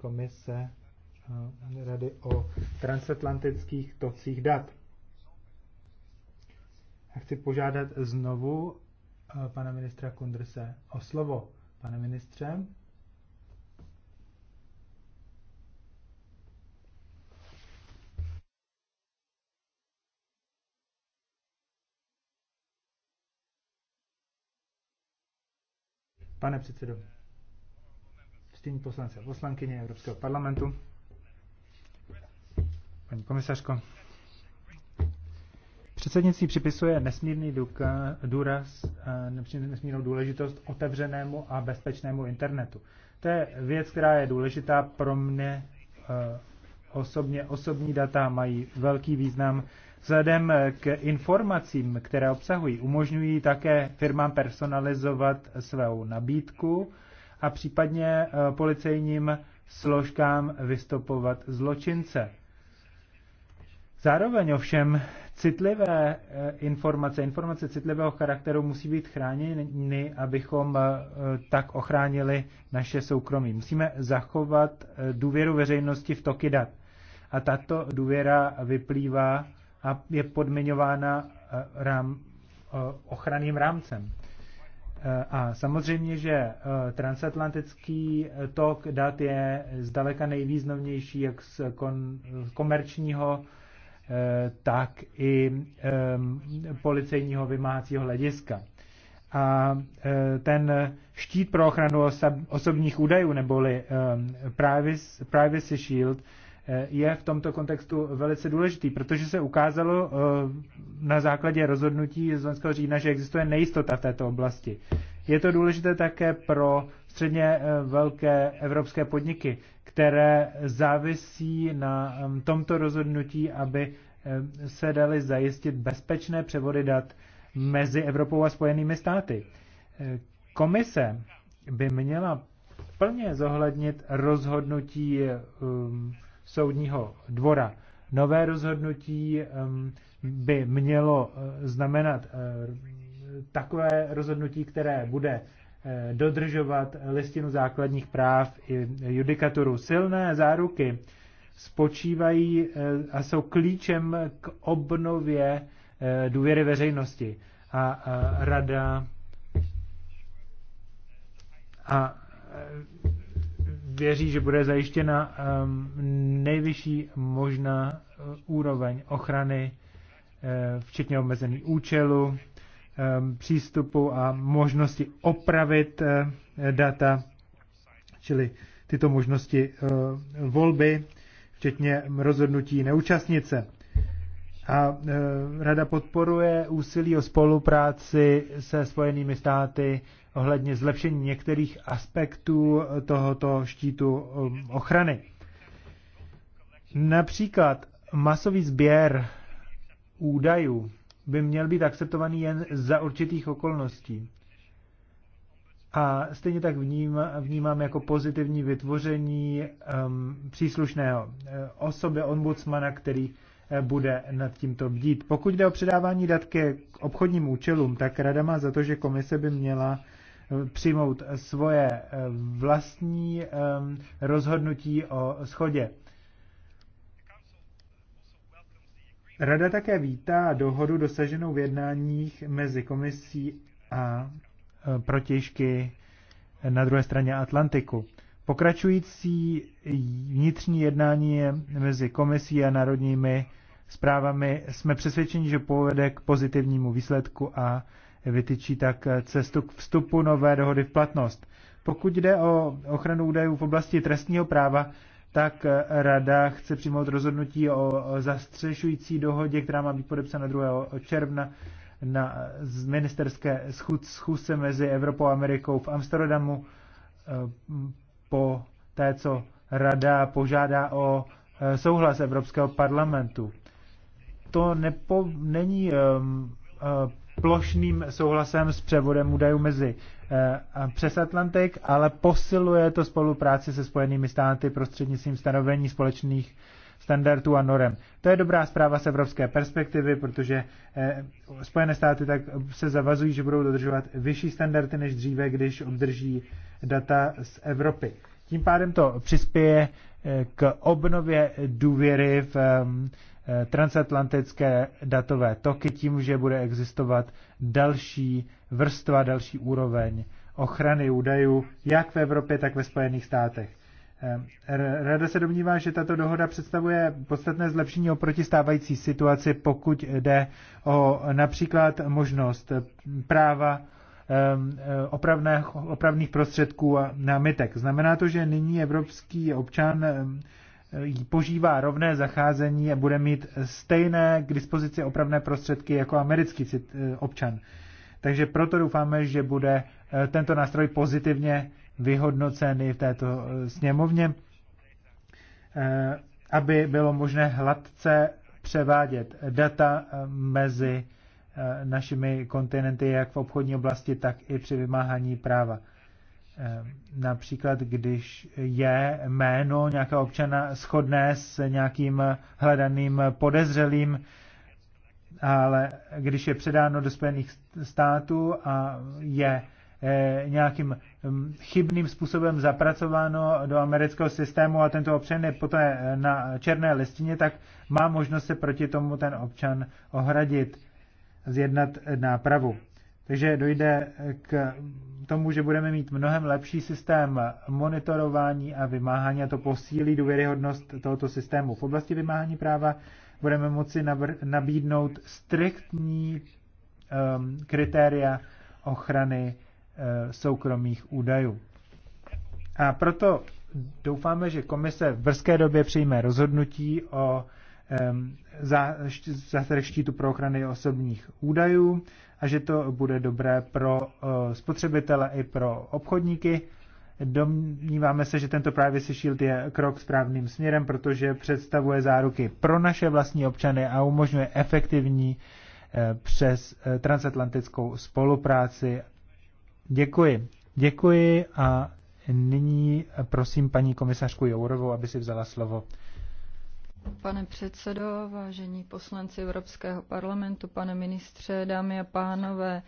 komise eh, Rady o transatlantických tocích dat. Já chci požádat znovu eh, pana ministra Kundrse o slovo. Pane ministře. Pane předsedo ctění poslance a poslankyně Evropského parlamentu, paní komisařko, Předsednictví připisuje nesmírný důraz, eh, nesmírnou důležitost otevřenému a bezpečnému internetu. To je věc, která je důležitá pro mne eh, osobně. Osobní data mají velký význam vzhledem k informacím, které obsahují. Umožňují také firmám personalizovat svou nabídku a případně eh, policejním složkám vystopovat zločince. Zároveň ovšem citlivé eh, informace, informace citlivého charakteru musí být chráněny, abychom eh, tak ochránili naše soukromí. Musíme zachovat důvěru veřejnosti v toky dat. A tato důvěra vyplývá a je podmiňována rám, ochranným rámcem. Eh, a samozřejmě, že eh, transatlantický eh, tok dat je zdaleka nejvýznamnější jak z komerčního, tak i policejního vymáhacího hlediska. A ten štít pro ochranu osobních údajů neboli Privacy Shield je v tomto kontextu velice důležitý, protože se ukázalo eh, na základě rozhodnutí z loňského října, že existuje nejistota v této oblasti. Je to důležité také pro středně eh, velké evropské podniky, které závisí na tomto rozhodnutí, aby eh, se dali zajistit bezpečné převody dat mezi Evropou a Spojenými státy. Komise by měla plně zohlednit rozhodnutí um, soudního dvora. Nové rozhodnutí by mělo eh, znamenat eh, takové rozhodnutí, které bude eh, dodržovat listinu základních práv i judikaturu. Silné záruky spočívají a jsou klíčem k obnově důvěry veřejnosti. A rada a věří, že bude zajištěna ehm, nejvyšší možná eh, úroveň ochrany, eh, včetně omezení účelu, ehm, přístupu a možnosti opravit eh, data, čili tyto možnosti volby, včetně rozhodnutí neúčastnice. A Rada podporuje úsilí o spolupráci se Spojenými státy ohledně zlepšení některých aspektů tohoto štítu um, ochrany. Například masový sběr údajů by měl být akceptovaný jen za určitých okolností. A stejně tak vním, vnímám jako pozitivní vytvoření um, příslušného eh, osoby ombudsmana, který eh, bude nad tímto bdít. Pokud jde o předávání dat k obchodním účelům, tak Rada má za to, že komise by měla přijmout svoje eh, vlastní ehm, rozhodnutí o schodě. Rada také vítá dohodu dosaženou v jednáních mezi komisí a eh, protěžky na druhé straně Atlantiku. Pokračující vnitřní jednání mezi komisí a národními zprávami jsme přesvědčeni, že povede k pozitivnímu výsledku a vytyčí tak eh, cestu k vstupu nové dohody v platnost. Pokud jde o ochranu údajů v oblasti trestního práva, tak eh, Rada chce přijmout rozhodnutí o zastřešující dohodě, která má být podepsána 2. června na eh, ministerské schůzce mezi Evropou a Amerikou v Amsterdamu po té, co Rada požádá o souhlas Evropského parlamentu. To nepo, není um, plošným souhlasem s převodem údajů mezi eh, přes Atlantik, ale posiluje to spolupráci se Spojenými státy prostřednictvím stanovení společných standardů a norem. To je dobrá zpráva z evropské perspektivy, protože eh, Spojené státy tak se zavazují, že budou dodržovat vyšší standardy než dříve, když obdrží data z Evropy. Tím pádem to přispěje eh, k obnově důvěry v Eh, transatlantické datové toky tím, že bude existovat další vrstva, další úroveň ochrany údajů, jak v Evropě, tak ve Spojených státech. Eh, Rada se domnívá, že tato dohoda představuje podstatné zlepšení oproti stávající situaci, pokud jde o například možnost práva ehm, eh, opravných, prostředků a námitek. Znamená to, že nyní evropský občan ehm, požívá rovné zacházení a bude mít stejné k dispozici opravné prostředky jako americký eh, občan. Takže proto doufáme, že bude eh, tento nástroj pozitivně vyhodnocen i v této eh, sněmovně, aby bylo možné hladce převádět data mezi našimi kontinenty, jak v obchodní oblasti, tak i při vymáhání práva. Eh, například, když je jméno nějakého občana shodné s nějakým hledaným podezřelým, ale když je předáno do Spojených států a je eh, nějakým mm, chybným způsobem zapracováno do amerického systému a tento občan je poté eh, na černé listině, tak má možnost se proti tomu ten občan ohradit, zjednat nápravu. Takže dojde k tomu, že budeme mít mnohem lepší systém monitorování a vymáhání a to posílí důvěryhodnost tohoto systému. V oblasti vymáhání práva budeme moci nabídnout striktní um, kritéria ochrany uh, soukromých údajů. A proto doufáme, že komise v brzké době přijme rozhodnutí o Ehm, zásady štítu pro ochrany osobních údajů a že to bude dobré pro eh, spotřebitele i pro obchodníky. Domníváme se, že tento Privacy Shield je krok správným směrem, protože představuje záruky pro naše vlastní občany a umožňuje efektivní eh, přes eh, transatlantickou spolupráci. Děkuji. Děkuji a nyní prosím paní komisařku Jourovou, aby si vzala slovo. Pane předsedo, vážení poslanci Evropského parlamentu, pane ministře, dámy a pánové,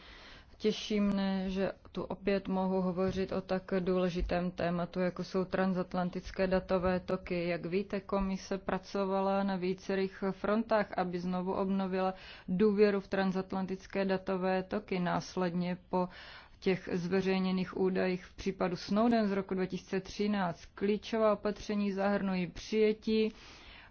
těší mne, že tu opět mohu hovořit o tak důležitém tématu, jako jsou transatlantické datové toky. Jak víte, komise pracovala na vícerých frontách, aby znovu obnovila důvěru v transatlantické datové toky. Následně po těch zveřejněných údajích v případu Snowden z roku 2013 klíčová opatření zahrnují přijetí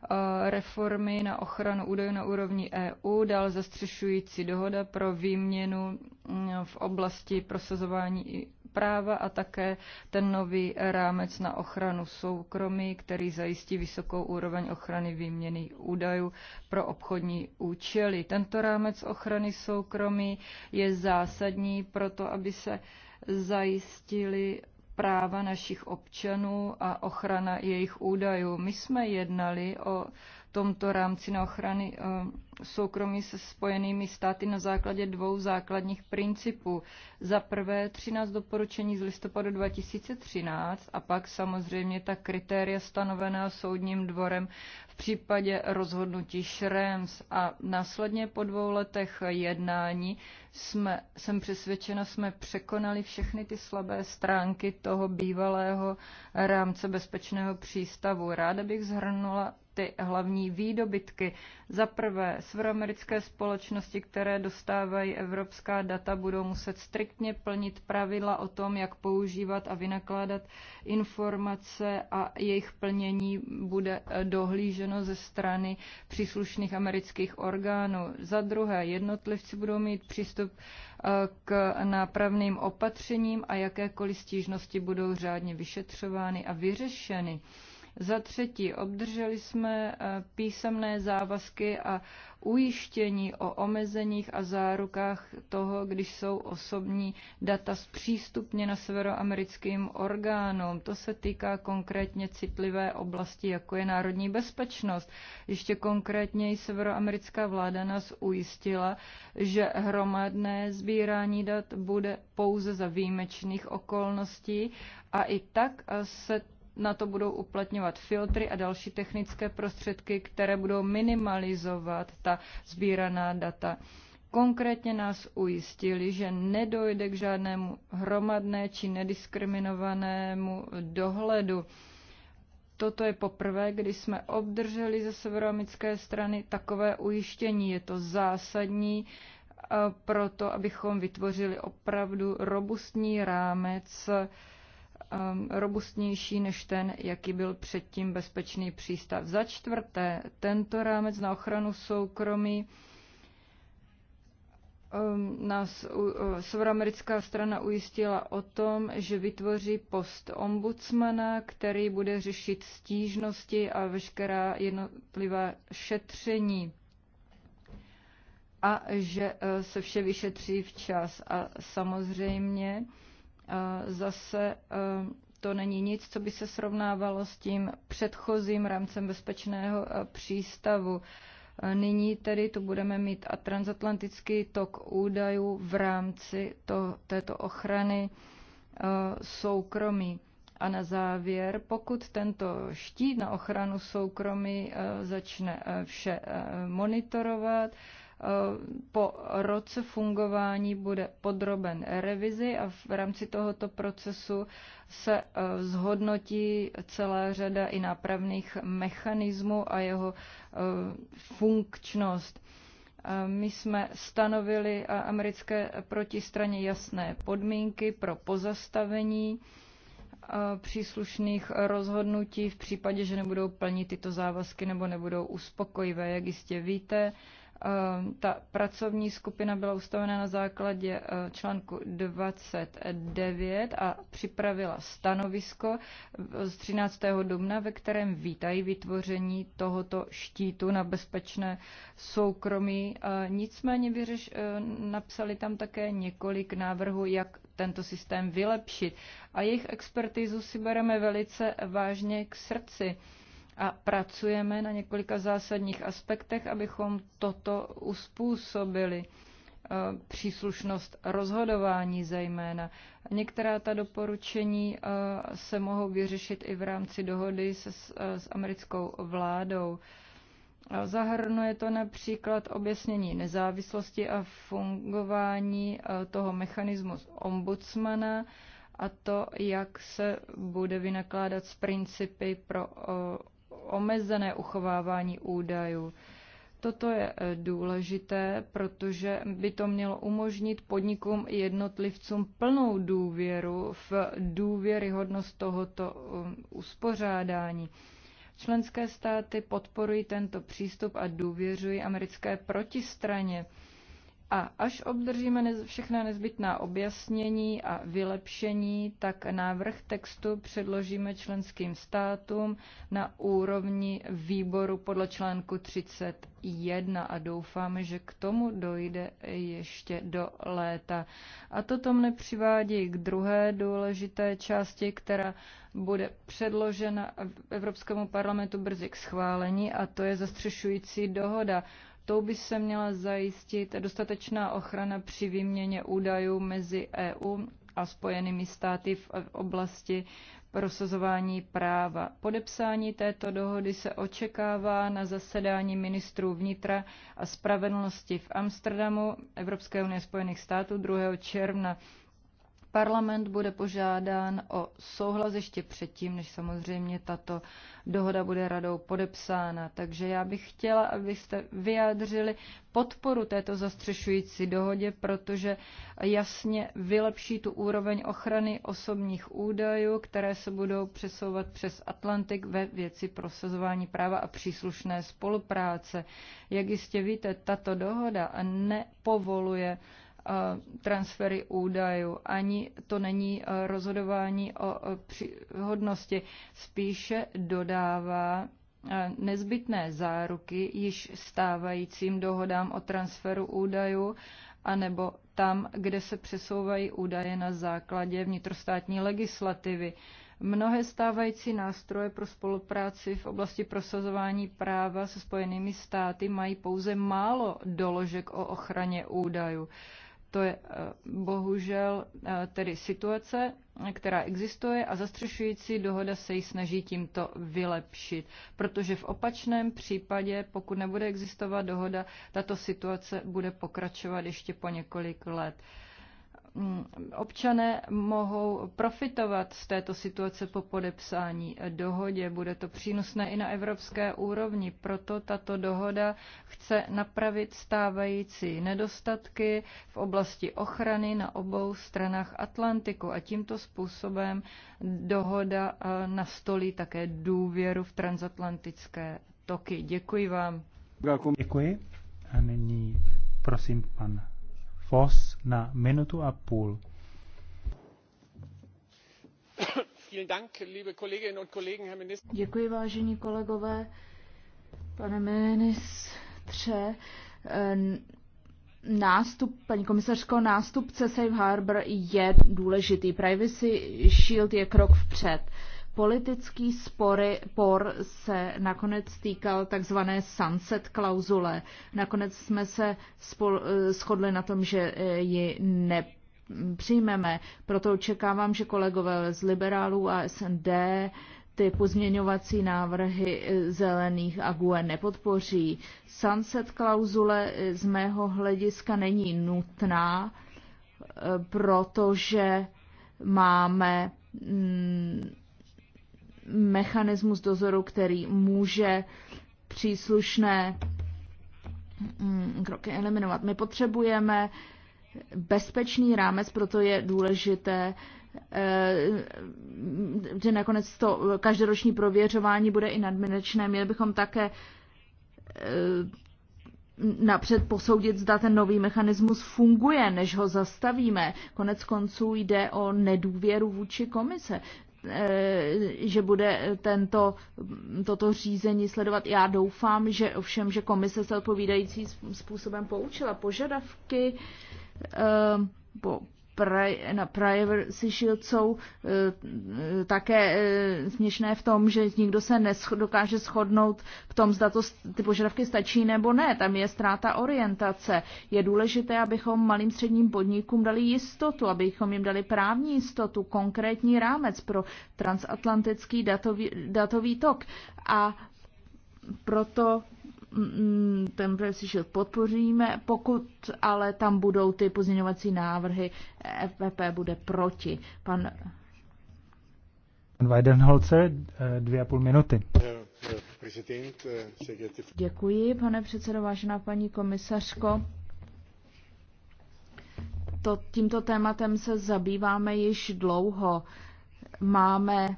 Eh, reformy na ochranu údajů na úrovni EU, dále zastřešující dohoda pro výměnu mm, v oblasti prosazování práva a také ten nový rámec na ochranu soukromí, který zajistí vysokou úroveň ochrany výměny údajů pro obchodní účely. Tento rámec ochrany soukromí je zásadní pro to, aby se zajistili práva našich občanů a ochrana jejich údajů. My jsme jednali o tomto rámci na ochrany eh, soukromí se spojenými státy na základě dvou základních principů. Za prvé 13 doporučení z listopadu 2013 a pak samozřejmě ta kritéria stanovená soudním dvorem v případě rozhodnutí Šrems a následně po dvou letech jednání jsme, jsem přesvědčena, jsme překonali všechny ty slabé stránky toho bývalého rámce bezpečného přístavu. Ráda bych zhrnula ty hlavní výdobytky. Za prvé, severoamerické společnosti, které dostávají evropská data, budou muset striktně plnit pravidla o tom, jak používat a vynakládat informace a jejich plnění bude eh, dohlíženo ze strany příslušných amerických orgánů. Za druhé, jednotlivci budou mít přístup eh, k nápravným opatřením a jakékoliv stížnosti budou řádně vyšetřovány a vyřešeny. Za třetí, obdrželi jsme eh, písemné závazky a ujištění o omezeních a zárukách toho, když jsou osobní data zpřístupněna severoamerickým orgánům. To se týká konkrétně citlivé oblasti, jako je národní bezpečnost. Ještě konkrétně i severoamerická vláda nás ujistila, že hromadné sbírání dat bude pouze za výjimečných okolností a i tak se na to budou uplatňovat filtry a další technické prostředky, které budou minimalizovat ta sbíraná data. Konkrétně nás ujistili, že nedojde k žádnému hromadné či nediskriminovanému dohledu. Toto je poprvé, kdy jsme obdrželi ze severoamické strany takové ujištění. Je to zásadní eh, proto, abychom vytvořili opravdu robustní rámec Um, robustnější než ten, jaký byl předtím bezpečný přístav. Za čtvrté, tento rámec na ochranu soukromí um, nás severoamerická strana ujistila o tom, že vytvoří post ombudsmana, který bude řešit stížnosti a veškerá jednotlivá šetření a že e, se vše vyšetří včas. A samozřejmě Zase e, to není nic, co by se srovnávalo s tím předchozím rámcem bezpečného e, přístavu. E, nyní tedy to budeme mít a transatlantický tok údajů v rámci to, této ochrany soukromí. A na závěr, pokud tento štít na ochranu soukromí začne vše monitorovat, Eh, po roce fungování bude podroben revizi a v rámci tohoto procesu se eh, zhodnotí celá řada i nápravných mechanismů a jeho eh, funkčnost. My jsme stanovili americké protistraně jasné podmínky pro pozastavení příslušných rozhodnutí v případě, že nebudou plnit tyto závazky nebo nebudou uspokojivé. Jak jistě víte, Ehm, ta pracovní skupina byla ustavena na základě eh, článku 29 a připravila stanovisko eh, z 13. dubna, ve kterém vítají vytvoření tohoto štítu na bezpečné soukromí. Eh, nicméně vyřeš, napsali tam také několik návrhů, jak tento systém vylepšit. A jejich expertizu si bereme velice vážně k srdci a pracujeme na několika zásadních aspektech, abychom toto uspůsobili e, příslušnost rozhodování zejména. Některá ta doporučení e, se mohou vyřešit i v rámci dohody se, s e, americkou vládou. Zahrnuje to například objasnění nezávislosti a fungování toho mechanismu ombudsmana a to, jak se bude vynakládat s principy pro omezené uchovávání údajů. Toto je e, důležité, protože by to mělo umožnit podnikům i jednotlivcům plnou důvěru v důvěryhodnost tohoto um, uspořádání. Členské státy podporují tento přístup a důvěřují americké protistraně. A až obdržíme všechna nezbytná objasnění a vylepšení, tak návrh textu předložíme členským státům na úrovni výboru podle článku 31 a doufáme, že k tomu dojde ještě do léta. A toto mne přivádí k druhé důležité části, která bude předložena Evropskému parlamentu brzy k schválení a to je zastřešující dohoda Tou by se měla zajistit dostatečná ochrana při výměně údajů mezi EU a Spojenými státy v oblasti prosazování práva. Podepsání této dohody se očekává na zasedání ministrů vnitra a spravedlnosti v Amsterdamu Evropské unie Spojených států 2. června. Parlament bude požádán o souhlas ještě předtím, než samozřejmě tato dohoda bude radou podepsána. Takže já bych chtěla, abyste vyjádřili podporu této zastřešující dohodě, protože jasně vylepší tu úroveň ochrany osobních údajů, které se budou přesouvat přes Atlantik ve věci prosazování práva a příslušné spolupráce. Jak jistě víte, tato dohoda nepovoluje transfery údajů, ani to není rozhodování o přihodnosti. Spíše dodává nezbytné záruky již stávajícím dohodám o transferu údajů, anebo tam, kde se přesouvají údaje na základě vnitrostátní legislativy. Mnohé stávající nástroje pro spolupráci v oblasti prosazování práva se Spojenými státy mají pouze málo doložek o ochraně údajů. To je eh, bohužel eh, tedy situace, která existuje a zastřešující dohoda se ji snaží tímto vylepšit, protože v opačném případě, pokud nebude existovat dohoda, tato situace bude pokračovat ještě po několik let. Mm, občané mohou profitovat z této situace po podepsání dohodě. Bude to přínosné i na evropské úrovni, proto tato dohoda chce napravit stávající nedostatky v oblasti ochrany na obou stranách Atlantiku a tímto způsobem dohoda eh, nastolí také důvěru v transatlantické toky. Děkuji vám. Děkuji. A nyní prosím pan Voss na minutu a půl. Děkuji, vážení kolegové, pane ministře. Eh, nástup, paní komisařko, nástupce Safe Harbor je důležitý. Privacy Shield je krok vpřed politický spory, por se nakonec týkal takzvané sunset klauzule. Nakonec jsme se spol, eh, shodli na tom, že eh, ji ne přijmeme. Proto očekávám, že kolegové z liberálů a SND ty pozměňovací návrhy eh, zelených a GUE nepodpoří. Sunset klauzule z mého hlediska není nutná, protože máme mm, mechanismus dozoru, který může příslušné mm, kroky eliminovat. My potřebujeme bezpečný rámec, proto je důležité, eh, že nakonec to každoroční prověřování bude i nadměrečné. Měli bychom také eh, napřed posoudit, zda ten nový mechanismus funguje, než ho zastavíme. Konec konců jde o nedůvěru vůči komise. Eh, že bude tento, toto řízení sledovat. Já doufám, že ovšem, že komise se odpovídající způsobem poučila požadavky eh, po na si Shield jsou také e, směšné v tom, že nikdo se dokáže shodnout v tom, zda to ty požadavky stačí nebo ne. Tam je ztráta orientace. Je důležité, abychom malým středním podnikům dali jistotu, abychom jim dali právní jistotu, konkrétní rámec pro transatlantický datový, datový tok. A proto ten Privacy Shield podpoříme, pokud ale tam budou ty pozměňovací návrhy, FPP bude proti. Pan Weidenholzer, eh, dvě a půl minuty. Děkuji, pane předsedo, vážená paní komisařko. To, tímto tématem se zabýváme již dlouho. Máme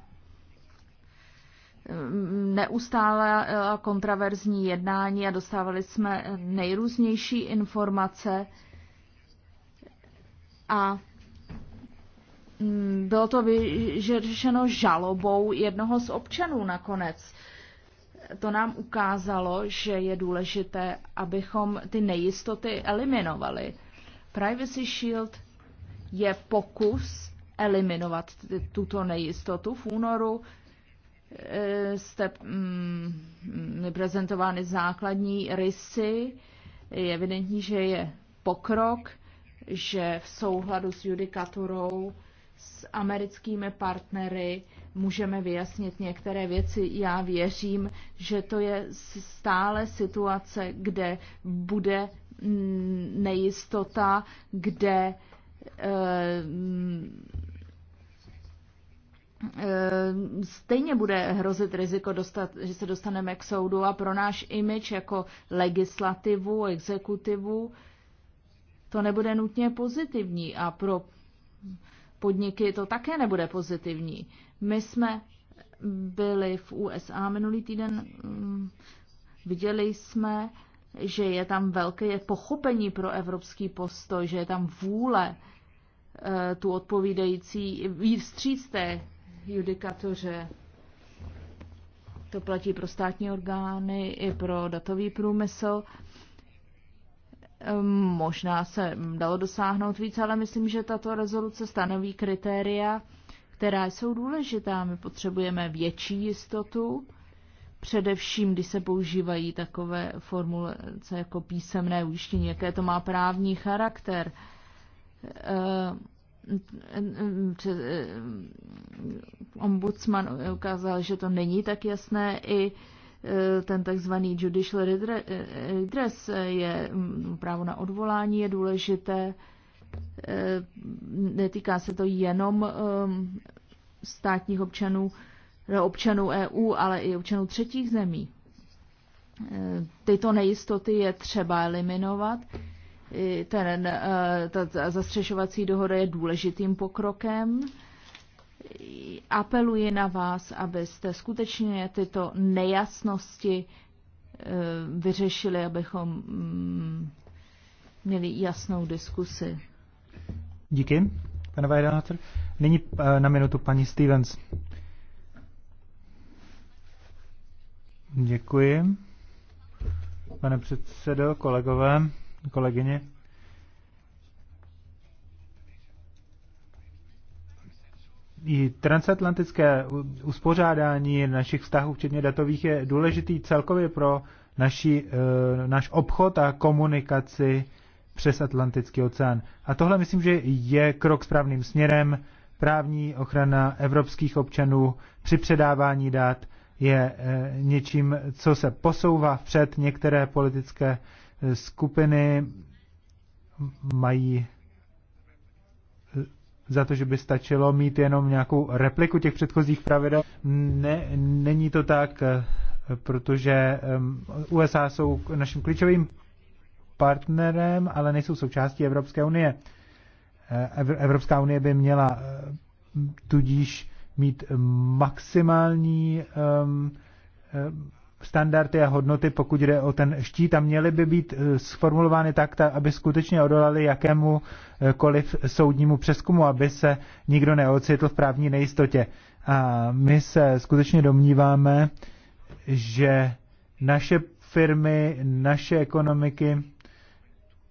neustále eh, kontraverzní jednání a dostávali jsme nejrůznější informace a mm, bylo to vyřešeno žalobou jednoho z občanů nakonec. To nám ukázalo, že je důležité, abychom ty nejistoty eliminovali. Privacy Shield je pokus eliminovat tuto nejistotu. V únoru Eh, jste mm, prezentovány základní rysy. Je evidentní, že je pokrok, že v souhladu s judikaturou s americkými partnery můžeme vyjasnit některé věci. Já věřím, že to je stále situace, kde bude mm, nejistota, kde eh, Eh, stejně bude hrozit riziko, dostat, že se dostaneme k soudu a pro náš imič jako legislativu, exekutivu, to nebude nutně pozitivní a pro podniky to také nebude pozitivní. My jsme byli v USA minulý týden, mm, viděli jsme, že je tam velké pochopení pro evropský postoj, že je tam vůle eh, tu odpovídající výstříc té judikatuře. To platí pro státní orgány i pro datový průmysl. Ehm, možná se dalo dosáhnout víc, ale myslím, že tato rezoluce stanoví kritéria, která jsou důležitá. My potřebujeme větší jistotu, především když se používají takové formulace jako písemné ujištění, jaké to má právní charakter. Ehm, ombudsman ukázal, že to není tak jasné i e, ten takzvaný judicial e, redress je mm, právo na odvolání je důležité. E, netýká se to jenom státních občanů, občanů EU, ale i občanů třetích zemí. Tyto nejistoty je třeba eliminovat ten, eh, ta zastřešovací dohoda je důležitým pokrokem. Apeluji na vás, abyste skutečně tyto nejasnosti eh, vyřešili, abychom mm, měli jasnou diskusi. Díky, pane Vajdanátor. Nyní eh, na minutu paní Stevens. Děkuji. Pane předsedo, kolegové, kolegyně. I transatlantické uspořádání našich vztahů, včetně datových, je důležitý celkově pro naši, e, náš obchod a komunikaci přes Atlantický oceán. A tohle myslím, že je krok správným směrem. Právní ochrana evropských občanů při předávání dat je e, něčím, co se posouvá vpřed. Některé politické skupiny mají za to, že by stačilo mít jenom nějakou repliku těch předchozích pravidel. Ne, není to tak, protože USA jsou naším klíčovým partnerem, ale nejsou součástí Evropské unie. Evropská unie by měla tudíž mít maximální standardy a hodnoty, pokud jde o ten štít, a měly by být eh, sformulovány tak, aby skutečně odolali jakému eh, koliv soudnímu přeskumu, aby se nikdo neocitl v právní nejistotě. A my se skutečně domníváme, že naše firmy, naše ekonomiky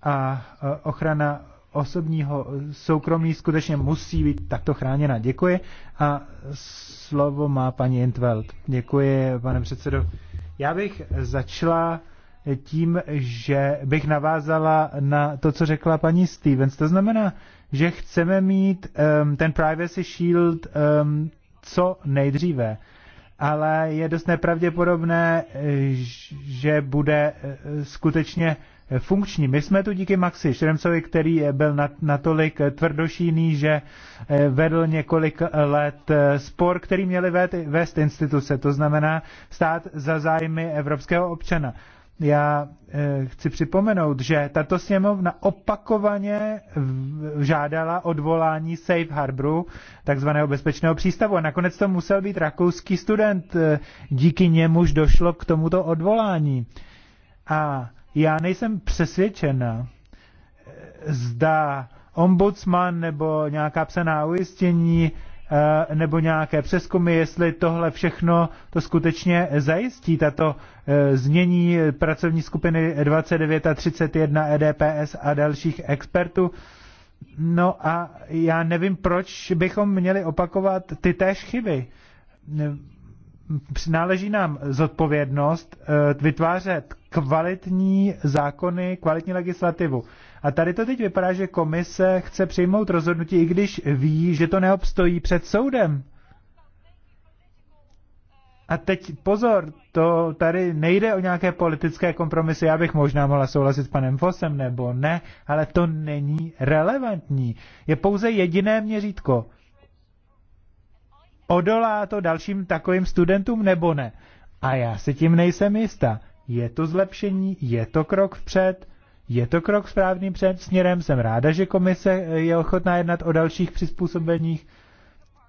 a eh, ochrana osobního soukromí skutečně musí být takto chráněna. Děkuji a slovo má paní Intveld. Děkuji, pane předsedo. Já bych začala tím, že bych navázala na to, co řekla paní Stevens. To znamená, že chceme mít um, ten privacy shield um, co nejdříve. Ale je dost nepravděpodobné, eh, že bude eh, skutečně funkční. My jsme tu díky Maxi Šremcovi, který eh, byl natolik eh, tvrdošíný, že eh, vedl několik let spor, který měli vést instituce, to znamená stát za zájmy evropského občana. Já chci připomenout, že tato sněmovna opakovaně žádala odvolání Safe Harboru, takzvaného bezpečného přístavu. A nakonec to musel být rakouský student. Díky němuž došlo k tomuto odvolání. A já nejsem přesvědčena, eh, zda ombudsman nebo nějaká psaná ujistění eh, nebo nějaké přeskumy, jestli tohle všechno to skutečně zajistí, tato eh, změní pracovní skupiny 29 a 31 EDPS a dalších expertů. No a já nevím, proč bychom měli opakovat ty též chyby přináleží nám zodpovědnost eh, vytvářet kvalitní zákony, kvalitní legislativu. A tady to teď vypadá, že komise chce přijmout rozhodnutí, i když ví, že to neobstojí před soudem. A teď pozor, to tady nejde o nějaké politické kompromisy, já bych možná mohla souhlasit s panem Fosem nebo ne, ale to není relevantní. Je pouze jediné měřítko. Odolá to dalším takovým studentům nebo ne? A já si tím nejsem jistá. Je to zlepšení, je to krok vpřed, je to krok správným před směrem. Jsem ráda, že komise je ochotná jednat o dalších přizpůsobeních,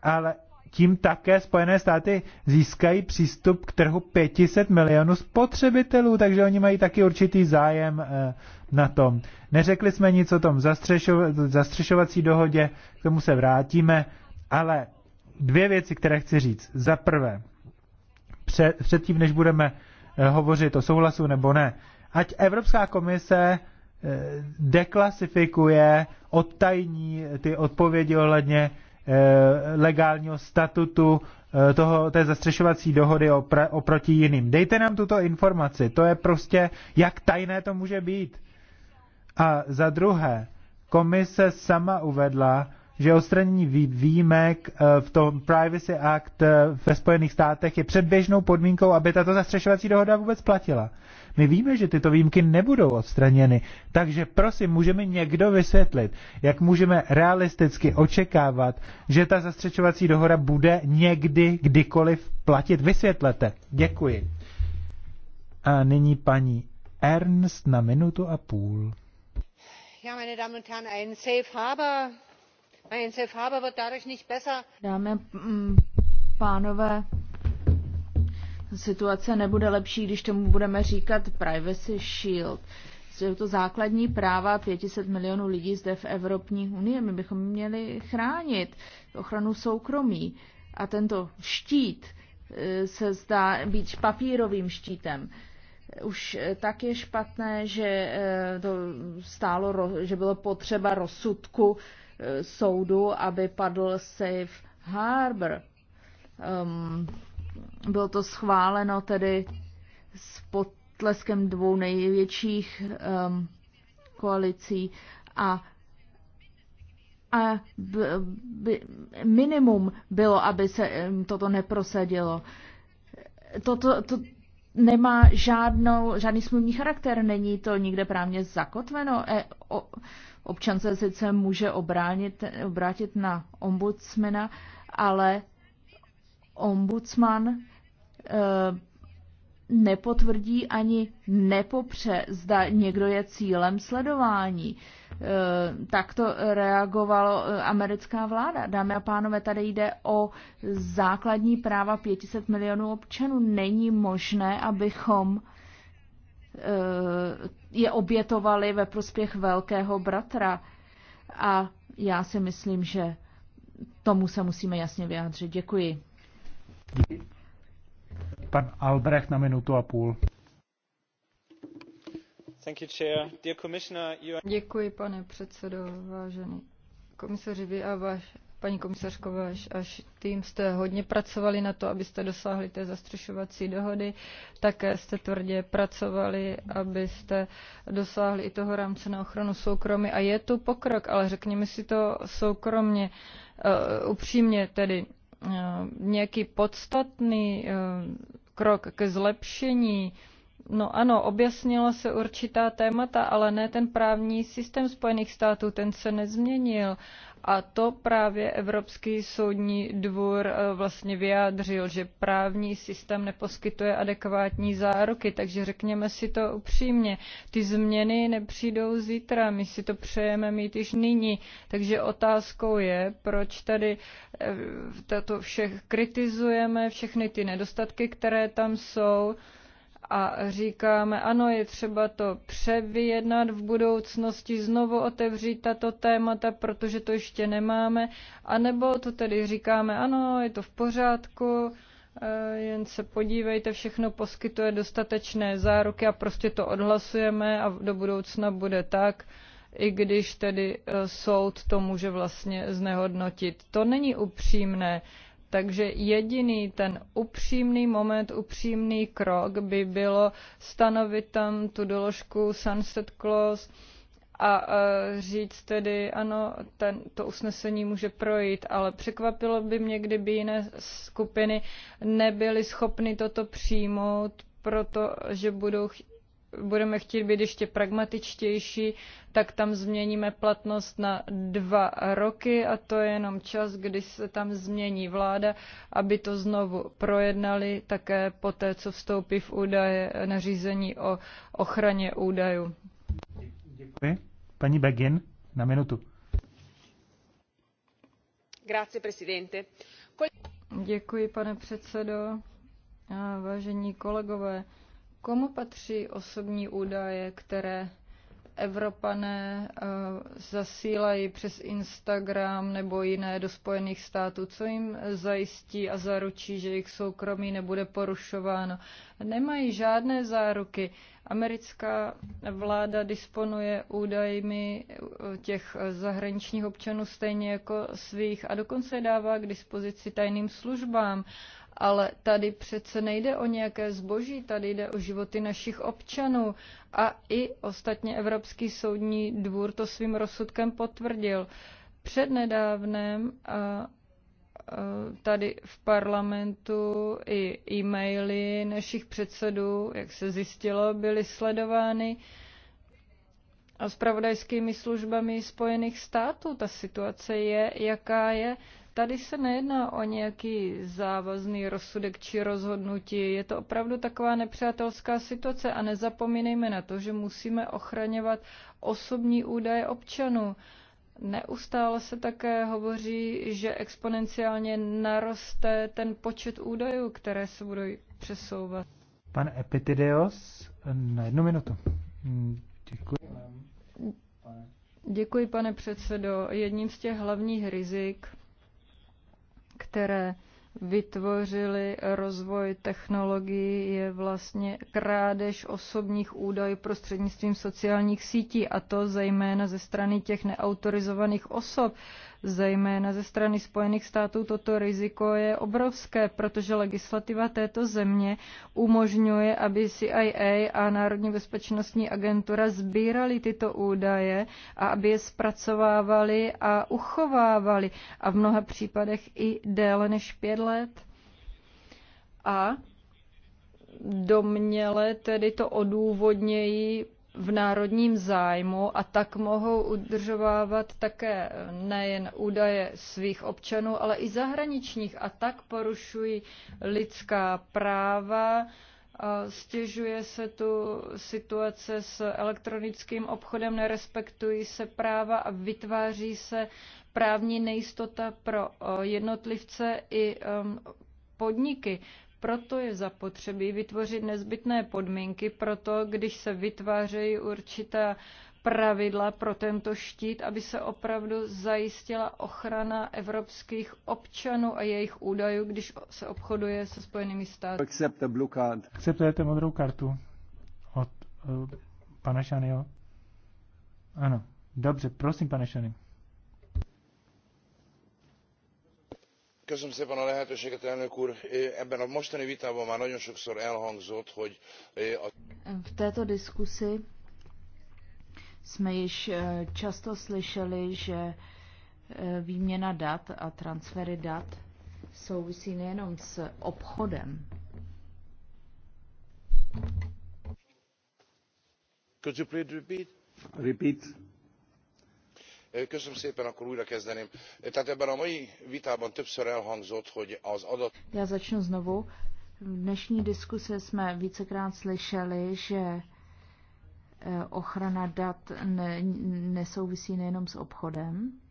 ale tím také Spojené státy získají přístup k trhu 500 milionů spotřebitelů, takže oni mají taky určitý zájem eh, na tom. Neřekli jsme nic o tom zastřešovací dohodě, k tomu se vrátíme, ale Dvě věci, které chci říct. Za prvé, před, předtím, než budeme eh, hovořit o souhlasu nebo ne, ať Evropská komise eh, deklasifikuje, odtajní ty odpovědi ohledně eh, legálního statutu toho, té zastřešovací dohody oproti jiným. Dejte nám tuto informaci, to je prostě, jak tajné to může být. A za druhé, komise sama uvedla, že odstranění výjimek eh, v tom Privacy Act eh, ve Spojených státech je předběžnou podmínkou, aby tato zastřešovací dohoda vůbec platila. My víme, že tyto výjimky nebudou odstraněny, takže prosím, můžeme někdo vysvětlit, jak můžeme realisticky očekávat, že ta zastřešovací dohoda bude někdy, kdykoliv platit. Vysvětlete. Děkuji. A nyní paní Ernst na minutu a půl. Ja, meine Damen und Herren, ein Safe Harbor Dámy a mm, pánové, situace nebude lepší, když tomu budeme říkat Privacy Shield. Jsou to základní práva 500 milionů lidí zde v Evropní unii. My bychom měli chránit ochranu soukromí. A tento štít e, se zdá být papírovým štítem. Už e, tak je špatné, že e, to stálo, že bylo potřeba rozsudku Eh, soudu, aby padl Safe Harbor. Um, bylo to schváleno tedy s potleskem dvou největších um, koalicí a a b, b, minimum bylo, aby se toto neprosadilo. Toto, to, nemá žádnou, žádný smluvní charakter, není to nikde právně zakotveno. E, o, občan se sice může obránit, obrátit na ombudsmana, ale ombudsman e, nepotvrdí ani nepopře, zda někdo je cílem sledování. E, Eh, takto reagovala eh, americká vláda. Dámy a pánové, tady jde o základní práva 500 milionů občanů. Není možné, abychom eh, je obětovali ve prospěch velkého bratra. A já si myslím, že tomu se musíme jasně vyjádřit. Děkuji. Pan Albrecht na minutu a půl. Děkuji, pane předsedo, vážený komisaři, vy a váš, paní komisařko, váš až tým jste hodně pracovali na to, abyste dosáhli té zastřešovací dohody. Také jste tvrdě pracovali, abyste dosáhli i toho rámce na ochranu soukromí. A je tu pokrok, ale řekněme si to soukromně, uh, upřímně tedy, uh, nějaký podstatný uh, krok ke zlepšení uh, No ano, objasnila se určitá témata, ale ne ten právní systém Spojených států, ten se nezměnil. A to právě Evropský soudní dvůr eh, vlastně vyjádřil, že právní systém neposkytuje adekvátní záruky, takže řekněme si to upřímně. Ty změny nepřijdou zítra, my si to přejeme mít již nyní. Takže otázkou je, proč tady eh, to všech kritizujeme, všechny ty nedostatky, které tam jsou, a říkáme, ano, je třeba to převyjednat v budoucnosti, znovu otevřít tato témata, protože to ještě nemáme, anebo to tedy říkáme, ano, je to v pořádku, eh, jen se podívejte, všechno poskytuje dostatečné záruky a prostě to odhlasujeme a do budoucna bude tak, i když tedy eh, soud to může vlastně znehodnotit. To není upřímné takže jediný ten upřímný moment, upřímný krok by bylo stanovit tam tu doložku sunset clause, a říct tedy, ano, ten, to usnesení může projít, ale překvapilo by mě, kdyby jiné skupiny nebyly schopny toto přijmout, protože budou budeme chtít být ještě pragmatičtější, tak tam změníme platnost na dva roky a to je jenom čas, kdy se tam změní vláda, aby to znovu projednali také po té, co vstoupí v údaje nařízení o ochraně údajů. Děkuji. Paní Begin, na minutu. Grazie, presidente. Děkuji, pane předsedo. A vážení kolegové, Komu patří osobní údaje, které Evropané eh, zasílají přes Instagram nebo jiné do Spojených států, co jim zajistí a zaručí, že jejich soukromí nebude porušováno. Nemají žádné záruky. Americká vláda disponuje údajmi eh, těch zahraničních občanů stejně jako svých a dokonce dává k dispozici tajným službám ale tady přece nejde o nějaké zboží, tady jde o životy našich občanů a i ostatně Evropský soudní dvůr to svým rozsudkem potvrdil. Přednedávnem a tady v parlamentu i e-maily našich předsedů, jak se zjistilo, byly sledovány a spravodajskými službami Spojených států. Ta situace je, jaká je. Tady se nejedná o nějaký závazný rozsudek či rozhodnutí. Je to opravdu taková nepřátelská situace a nezapomínejme na to, že musíme ochraňovat osobní údaje občanů. Neustále se také hovoří, že exponenciálně naroste ten počet údajů, které se budou přesouvat. Pan Epitideos, na jednu minutu. Děkuji Děkuji, pane předsedo. Jedním z těch hlavních rizik které vytvořili rozvoj technologií, je vlastně krádež osobních údajů prostřednictvím sociálních sítí, a to zejména ze strany těch neautorizovaných osob, Zejména ze strany Spojených států toto riziko je obrovské, protože legislativa této země umožňuje, aby CIA a Národní bezpečnostní agentura sbírali tyto údaje a aby je zpracovávali a uchovávali a v mnoha případech i déle než pět let. A domněle tedy to odůvodnějí v národním zájmu a tak mohou udržovávat také eh, nejen údaje svých občanů, ale i zahraničních a tak porušují lidská práva, stěžuje se tu situace s elektronickým obchodem, nerespektují se práva a vytváří se právní nejistota pro eh, jednotlivce i ehm, podniky. Proto je zapotřebí vytvořit nezbytné podmínky pro to, když se vytvářejí určitá pravidla pro tento štít, aby se opravdu zajistila ochrana evropských občanů a jejich údajů, když se obchoduje se Spojenými státy. Akceptujete modrou kartu od uh, pana Šanyho? Ano. Dobře, prosím, pane Šanyho. v této diskusi jsme již e, často slyšeli, že e, výměna dat a transfery dat souvisí nejenom s obchodem. Could you please repeat? Repeat köszönöm szépen akkor újra kezdeném. tehát ebben a mai vitában többször elhangzott hogy az adat. já začnu znovu. V dnešní diskuse jsme vícekrát slyšeli, že e, ochrana dat ne, nesouvisí nejenom s obchodem,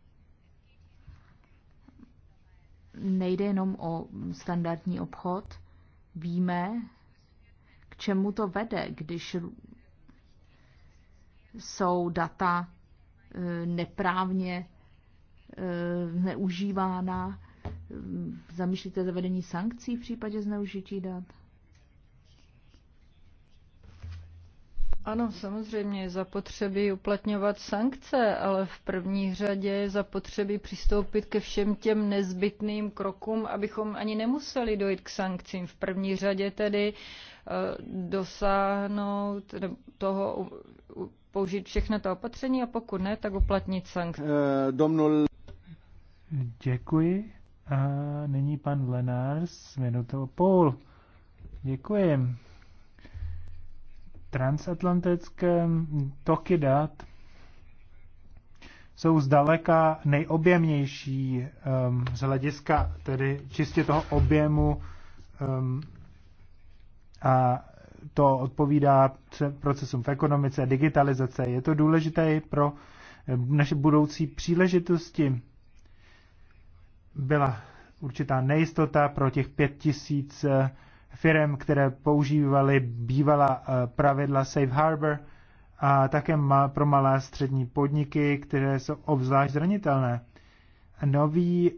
nejde jenom o standardní obchod. Víme, k čemu to vede, když jsou data neprávně eh, zneužívána. Zamýšlíte zavedení sankcí v případě zneužití dat? Ano, samozřejmě je zapotřebí uplatňovat sankce, ale v první řadě je zapotřebí přistoupit ke všem těm nezbytným krokům, abychom ani nemuseli dojít k sankcím. V první řadě tedy eh, dosáhnout toho použít všechna ta opatření a pokud ne, tak uplatnit sankce. Eh, domnul... Děkuji. A nyní pan s minutou půl. Děkuji. Transatlantické toky dat jsou zdaleka nejobjemnější um, z hlediska tedy čistě toho objemu um, a to odpovídá procesům v ekonomice, digitalizace. Je to důležité i pro eh, naše budoucí příležitosti. Byla určitá nejistota pro těch pět tisíc eh, firm, které používaly bývalá eh, pravidla Safe Harbor a také pro malé a střední podniky, které jsou obzvlášť zranitelné. Nový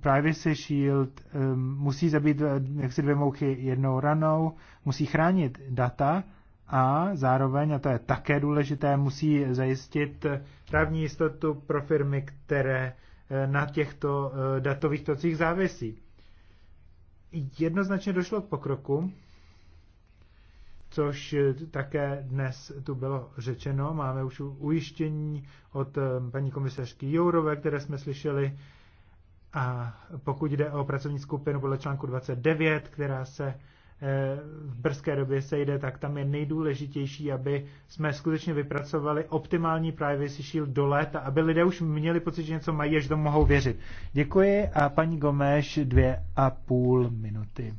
Privacy Shield musí zabít eh, jaksi dvě mouchy jednou ranou, musí chránit data a zároveň, a to je také důležité, musí zajistit eh, právní jistotu pro firmy, které eh, na těchto datových tocích závisí. Jednoznačně došlo k pokroku, což také dnes tu bylo řečeno. Máme už ujištění od paní komisařky Jourové, které jsme slyšeli, a pokud jde o pracovní skupinu podle článku 29, která se eh, v brzké době sejde, tak tam je nejdůležitější, aby jsme skutečně vypracovali optimální privacy shield do léta, aby lidé už měli pocit, že něco mají, až to mohou věřit. Děkuji a paní Gomeš dvě a půl minuty.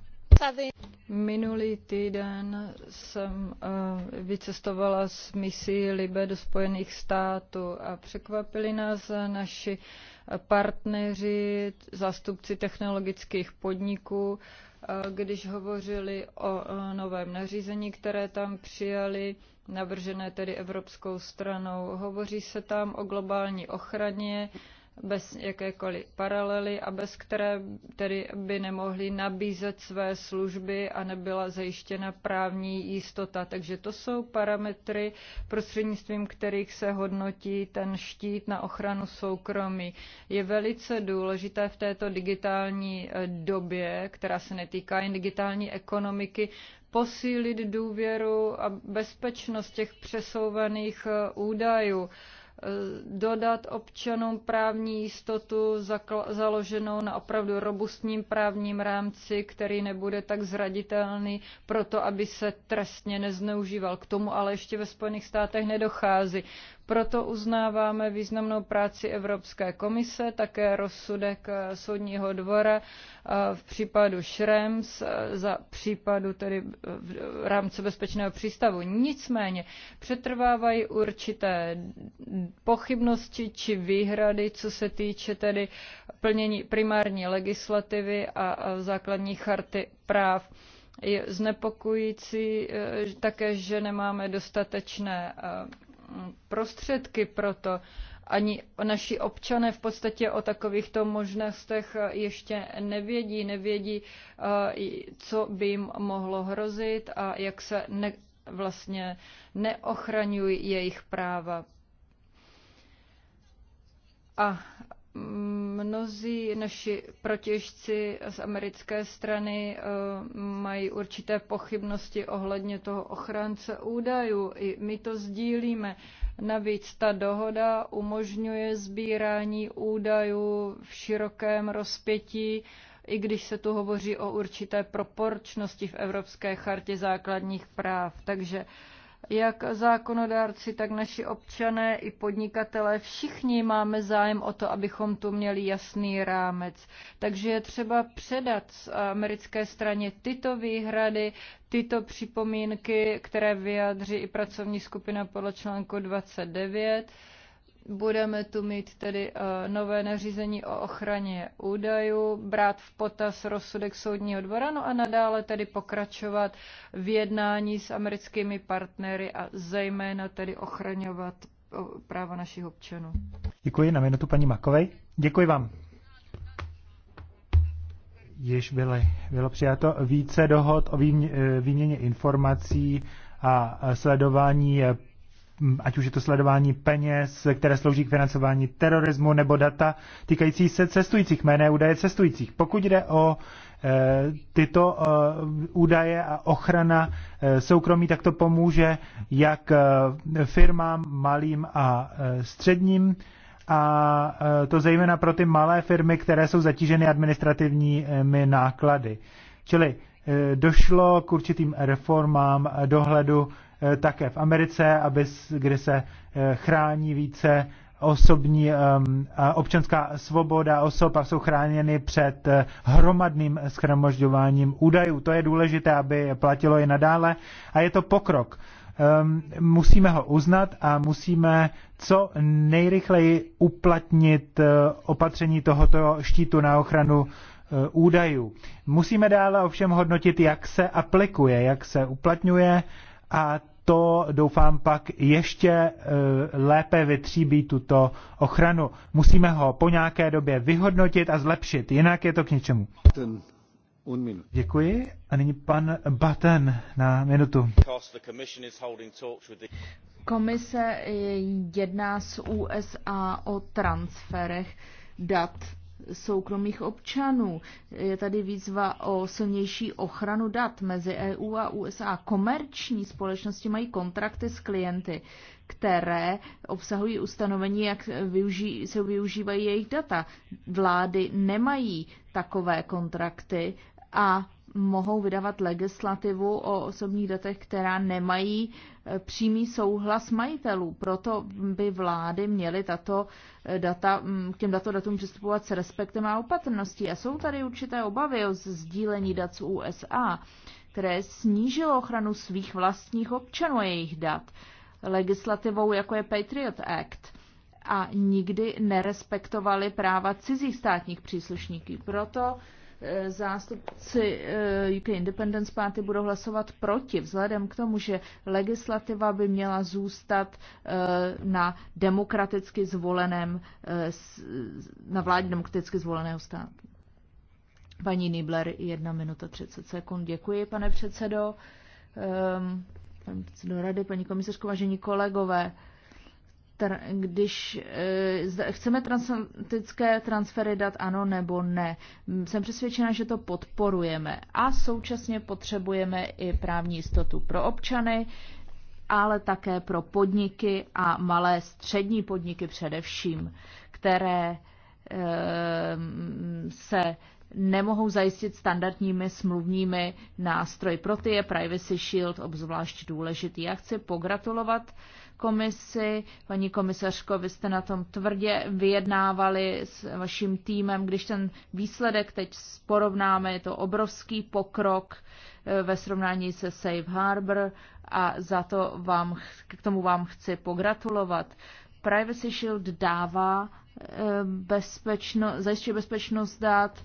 Minulý týden jsem uh, vycestovala s misí Libe do Spojených států a překvapili nás naši uh, partneři, zástupci technologických podniků, eh, když hovořili o eh, novém nařízení, které tam přijali, navržené tedy Evropskou stranou. Hovoří se tam o globální ochraně bez jakékoliv paralely a bez které tedy by nemohli nabízet své služby a nebyla zajištěna právní jistota. Takže to jsou parametry, prostřednictvím kterých se hodnotí ten štít na ochranu soukromí. Je velice důležité v této digitální eh, době, která se netýká jen digitální ekonomiky, posílit důvěru a bezpečnost těch přesouvaných eh, údajů. Eh, dodat občanům právní jistotu založenou na opravdu robustním právním rámci, který nebude tak zraditelný proto, aby se trestně nezneužíval. K tomu ale ještě ve Spojených státech nedochází. Proto uznáváme významnou práci Evropské komise, také rozsudek eh, soudního dvora eh, v případu Šrems eh, za případu tedy v rámci bezpečného přístavu. Nicméně přetrvávají určité pochybnosti či výhrady, co se týče tedy plnění primární legislativy a základní charty práv. Je znepokojící také, že nemáme dostatečné prostředky pro to. Ani naši občané v podstatě o takovýchto možnostech eh, ještě nevědí, nevědí, eh, co by jim mohlo hrozit a jak se ne, vlastně neochraňují jejich práva. A mnozí naši protěžci z americké strany eh, mají určité pochybnosti ohledně toho ochránce údajů. I my to sdílíme. Navíc ta dohoda umožňuje sbírání údajů v širokém rozpětí, i když se tu hovoří o určité proporčnosti v Evropské chartě základních práv. Takže uh, jak zákonodárci, tak naši občané i podnikatelé, všichni máme zájem o to, abychom tu měli jasný rámec. Takže je třeba předat z americké straně tyto výhrady, tyto připomínky, které vyjádří i pracovní skupina podle článku 29 Budeme tu mít tedy eh, nové nařízení o ochraně údajů, brát v potaz rozsudek soudního dvora, no a nadále tedy pokračovat v jednání s americkými partnery a zejména tedy ochraňovat eh, práva našich občanů. Děkuji na minutu paní Makovej. Děkuji vám. Již byly, bylo přijato více dohod o eh, výměně informací a sledování ať už je to sledování peněz, které slouží k financování terorismu, nebo data týkající se cestujících, jméné údaje cestujících. Pokud jde o e, tyto e, údaje a ochrana e, soukromí, tak to pomůže jak firmám malým a středním, a to zejména pro ty malé firmy, které jsou zatíženy administrativními náklady. Čili došlo k určitým reformám dohledu Eh, také v Americe, aby, kde se eh, chrání více osobní občanská svoboda osob a jsou chráněny před eh, hromadným schromažďováním údajů. To je důležité, aby platilo i nadále a je to pokrok. Musíme ho uznat a musíme co nejrychleji uplatnit opatření tohoto štítu na ochranu údajů. Musíme dále ovšem hodnotit, jak se aplikuje, jak se uplatňuje a to doufám pak ještě eh, lépe vytříbí tuto ochranu. Musíme ho po nějaké době vyhodnotit a zlepšit, jinak je to k ničemu. Děkuji. A nyní pan Batten na minutu. Komise eh, jedná s USA o transferech dat soukromých občanů. Je tady výzva o silnější ochranu dat mezi EU a USA. Komerční společnosti mají kontrakty s klienty, které obsahují ustanovení, jak využí, se využívají jejich data. Vlády nemají takové kontrakty a mohou vydávat legislativu o osobních datech, která nemají e, přímý souhlas majitelů. Proto by vlády měly tato e, data, mm, k těm datům přistupovat s respektem a opatrností. A jsou tady určité obavy o sdílení dat z USA, které snížilo ochranu svých vlastních občanů a jejich dat legislativou, jako je Patriot Act a nikdy nerespektovali práva cizích státních příslušníků. Proto Eh, zástupci eh, UK Independence Party budou hlasovat proti, vzhledem k tomu, že legislativa by měla zůstat eh, na demokraticky zvoleném, na vládě demokraticky zvoleného státu. Paní Nibler, jedna minuta 30 sekund. Děkuji, pane předsedo. Ehm, pane předsedo rady, paní komisařko, vážení kolegové tr- když e, chceme transatlantické transfery dát ano nebo ne. Jsem přesvědčena, že to podporujeme a současně potřebujeme i právní jistotu pro občany, ale také pro podniky a malé střední podniky především, které e, se nemohou zajistit standardními smluvními nástroji. Pro ty je Privacy Shield obzvlášť důležitý. Já chci pogratulovat komisi. Paní komisařko, vy jste na tom tvrdě vyjednávali s vaším týmem. Když ten výsledek teď porovnáme, je to obrovský pokrok eh, ve srovnání se Safe Harbor a za to vám, k tomu vám chci pogratulovat. Privacy Shield dává bezpečno, zajišťuje bezpečnost dát,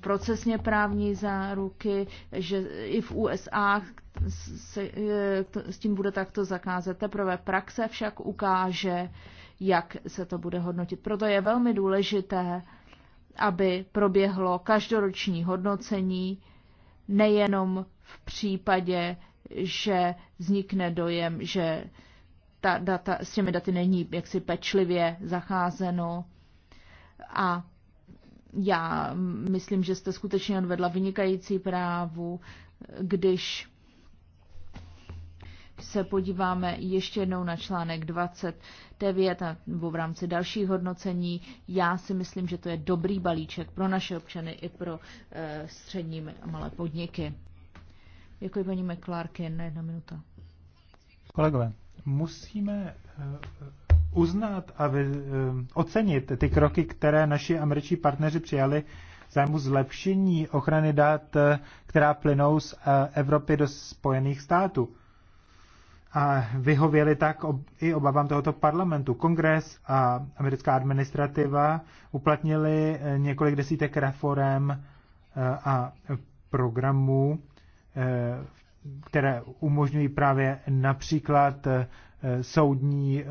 procesně právní záruky, že i v USA se, eh, s tím bude takto zakázat. Teprve praxe však ukáže, jak se to bude hodnotit. Proto je velmi důležité, aby proběhlo každoroční hodnocení, nejenom v případě, že vznikne dojem, že ta data, s těmi daty není jaksi pečlivě zacházeno. A já myslím, že jste skutečně odvedla vynikající právu, když se podíváme ještě jednou na článek 29 a, nebo v rámci dalších hodnocení, já si myslím, že to je dobrý balíček pro naše občany i pro e, střední a malé podniky. Děkuji paní McClarkin, na jedna minuta. Kolegové, musíme eh, eh, uznat a eh, ocenit ty kroky, které naši američtí partneři přijali zájmu zlepšení ochrany dat, která plynou z Evropy do Spojených států. A vyhověli tak ob, i obavám tohoto parlamentu. Kongres a americká administrativa uplatnili několik desítek reform a programů v které umožňují právě například eh, soudní eh,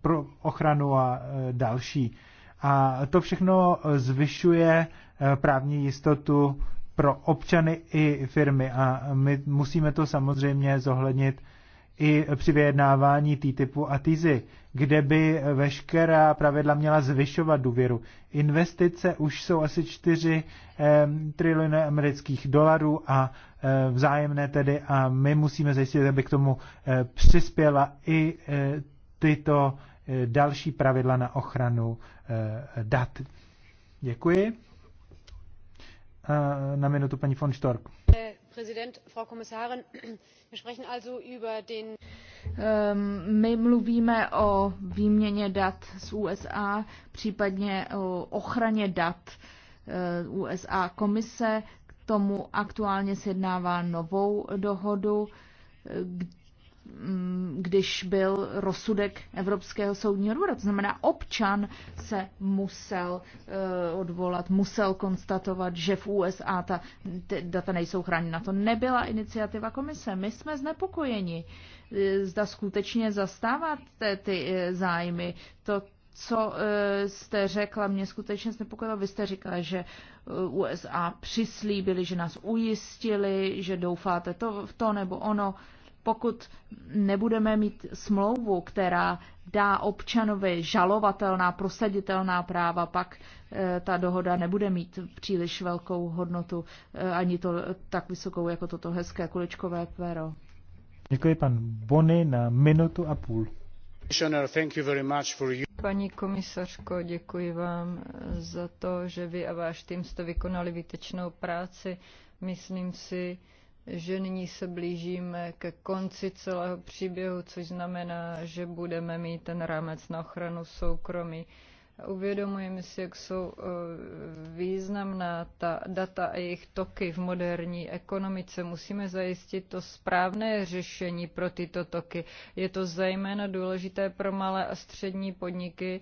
pro ochranu a eh, další. A to všechno zvyšuje právní jistotu pro občany i firmy a my musíme to samozřejmě zohlednit i při vyjednávání T-typu a TISY kde by veškerá pravidla měla zvyšovat důvěru. Investice už jsou asi 4 eh, triliony amerických dolarů a eh, vzájemné tedy a my musíme zajistit, aby k tomu eh, přispěla i eh, tyto eh, další pravidla na ochranu eh, dat. Děkuji. Eh, na minutu paní von Stork. Herr Präsident, Frau Kommissarin, wir sprechen also über den Ehm, my mluvíme o výměně dat z USA, případně o ochraně dat eh, USA. Komise k tomu aktuálně sjednává novou dohodu, eh, Mm, když byl rozsudek Evropského soudního dvora. To znamená, občan se musel eh, odvolat, musel konstatovat, že v USA ta data nejsou chráněna. To nebyla iniciativa komise. My jsme znepokojeni, eh, zda skutečně zastáváte ty eh, zájmy. To, co jste řekla, mě skutečně znepokojilo. Vy jste říkala, že USA přislíbili, že nás ujistili, že doufáte to, v to nebo ono pokud nebudeme mít smlouvu, která dá občanovi žalovatelná, prosaditelná práva, pak eh, ta dohoda nebude mít příliš velkou hodnotu, eh, ani to tak vysokou jako toto hezké kuličkové pero. Děkuji pan Bony na minutu a půl. Paní komisařko, děkuji vám za to, že vy a váš tým jste vykonali výtečnou práci. Myslím si, že nyní se blížíme ke konci celého příběhu, což znamená, že budeme mít ten rámec na ochranu soukromí. Uvědomujeme si, jak jsou eh, významná ta data a jejich toky v moderní ekonomice. Musíme zajistit to správné řešení pro tyto toky. Je to zejména důležité pro malé a střední podniky,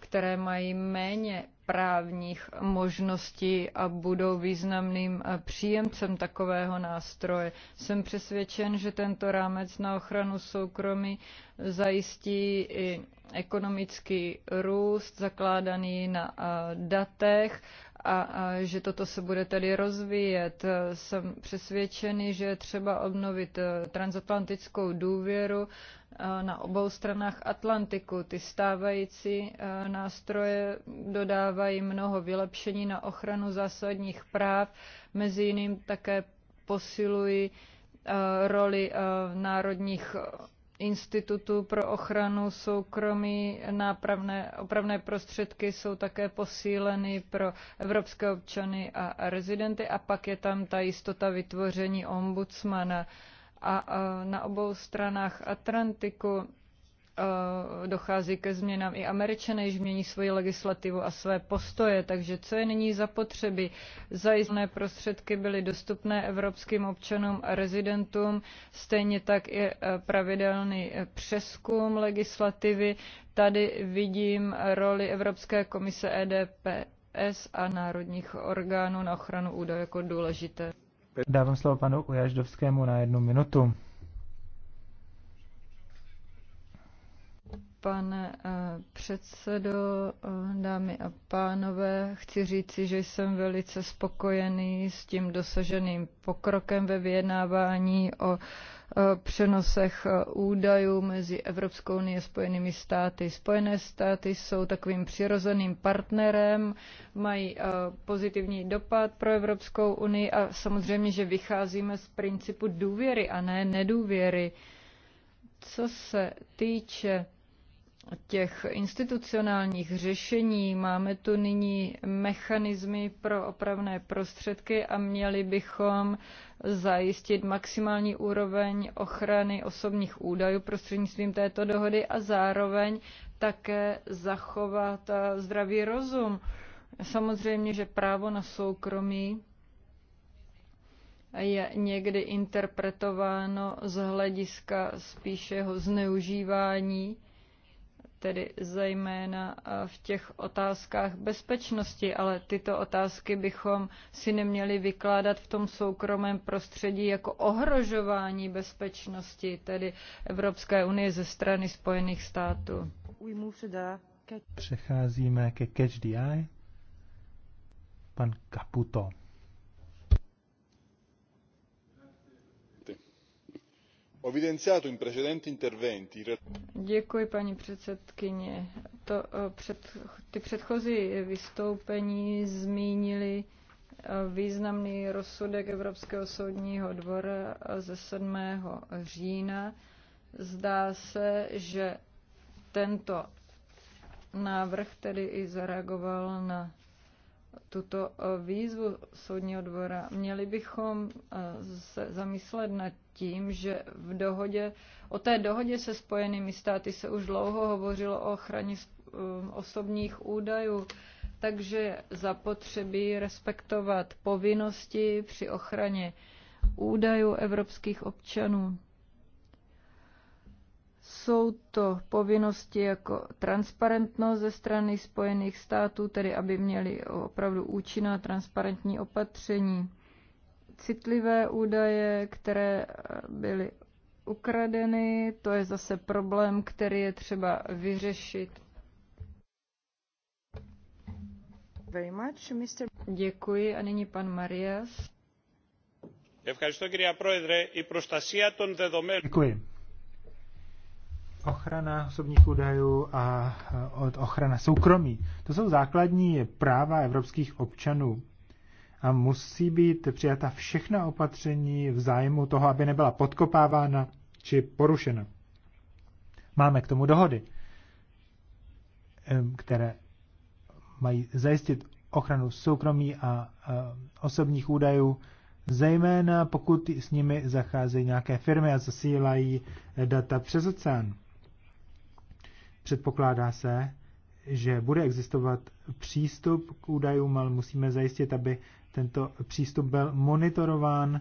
které mají méně právních možností a budou významným eh, příjemcem takového nástroje. Jsem přesvědčen, že tento rámec na ochranu soukromí zajistí i ekonomický růst zakládaný na eh, datech a, a že toto se bude tedy rozvíjet. Jsem přesvědčený, že je třeba obnovit eh, transatlantickou důvěru eh, na obou stranách Atlantiku. Ty stávající eh, nástroje dodávají mnoho vylepšení na ochranu zásadních práv, mezi jiným také posilují roli národních Institutu pro ochranu soukromí nápravné opravné prostředky jsou také posíleny pro evropské občany a rezidenty a pak je tam ta jistota vytvoření ombudsmana. A na obou stranách Atlantiku Eh, dochází ke změnám. I američané již mění svoji legislativu a své postoje, takže co je nyní potřeby Zajistné prostředky byly dostupné evropským občanům a rezidentům, stejně tak i eh, pravidelný eh, přeskum legislativy. Tady vidím roli Evropské komise EDPS a národních orgánů na ochranu údajů jako důležité. Dávám slovo panu Ujaždovskému na jednu minutu. Pane eh, předsedo, eh, dámy a pánové, chci říci, že jsem velice spokojený s tím dosaženým pokrokem ve vyjednávání o eh, přenosech údajů mezi Evropskou unii a Spojenými státy. Spojené státy jsou takovým přirozeným partnerem, mají pozitivní dopad pro Evropskou unii a samozřejmě, že vycházíme z principu důvěry a ne nedůvěry. Co se týče těch institucionálních řešení. Máme tu nyní mechanismy pro opravné prostředky a měli bychom zajistit maximální úroveň ochrany osobních údajů prostřednictvím této dohody a zároveň také zachovat eh, zdravý rozum. Samozřejmě, že právo na soukromí je někdy interpretováno z hlediska spíše jeho zneužívání tedy zejména v těch otázkách bezpečnosti, ale tyto otázky bychom si neměli vykládat v tom soukromém prostředí jako ohrožování bezpečnosti, tedy Evropské unie ze strany Spojených států. Přecházíme ke Catch the Eye. Pan Caputo. Ho evidenziato in precedenti interventi. Děkuji, paní předsedkyně. To, eh, před, ty předchozí vystoupení zmínili eh, významný rozsudek Evropského soudního dvora eh, ze 7. října. Zdá se, že tento návrh tedy i zareagoval na tuto eh, výzvu soudního dvora. Měli bychom eh, se zamyslet nad tím, že v dohodě, o té dohodě se spojenými státy se už dlouho hovořilo o ochraně eh, osobních údajů, takže zapotřebí respektovat povinnosti při ochraně údajů evropských občanů. Jsou to povinnosti jako transparentnost ze strany Spojených států, tedy aby měli opravdu účinná transparentní opatření. Citlivé údaje, které byly ukradeny, to je zase problém, který je třeba vyřešit. Very much, Mr. Děkuji a nyní pan Marias. Děkuji ochrana osobních údajů a od ochrana soukromí. To jsou základní práva evropských občanů a musí být přijata všechna opatření v zájmu toho, aby nebyla podkopávána či porušena. Máme k tomu dohody, které mají zajistit ochranu soukromí a osobních údajů, zejména pokud s nimi zacházejí nějaké firmy a zasílají data přes oceán. Předpokládá se, že bude existovat přístup k údajům, ale musíme zajistit, aby tento přístup byl monitorován,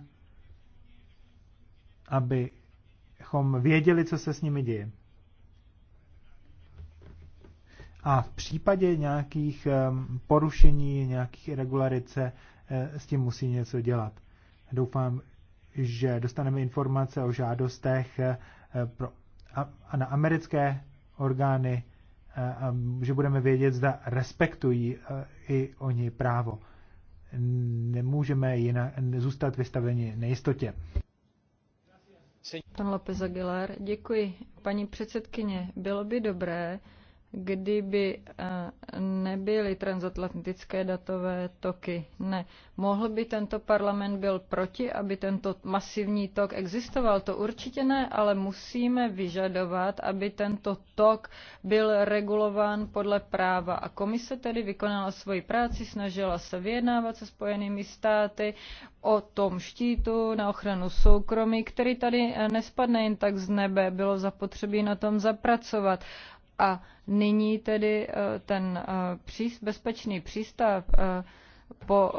abychom věděli, co se s nimi děje. A v případě nějakých porušení, nějakých irregularit se eh, s tím musí něco dělat. Doufám, že dostaneme informace o žádostech eh, pro, a, a na americké orgány, že budeme vědět, zda respektují i oni právo. Nemůžeme jinak, zůstat vystaveni nejistotě. Pan López Aguilar, děkuji. Paní předsedkyně, bylo by dobré, kdyby eh, nebyly transatlantické datové toky. Ne. Mohl by tento parlament byl proti, aby tento masivní tok existoval? To určitě ne, ale musíme vyžadovat, aby tento tok byl regulován podle práva. A komise tedy vykonala svoji práci, snažila se vyjednávat se spojenými státy o tom štítu na ochranu soukromí, který tady eh, nespadne jen tak z nebe. Bylo zapotřebí na tom zapracovat a nyní tedy eh, ten eh, bezpečný přístav eh, po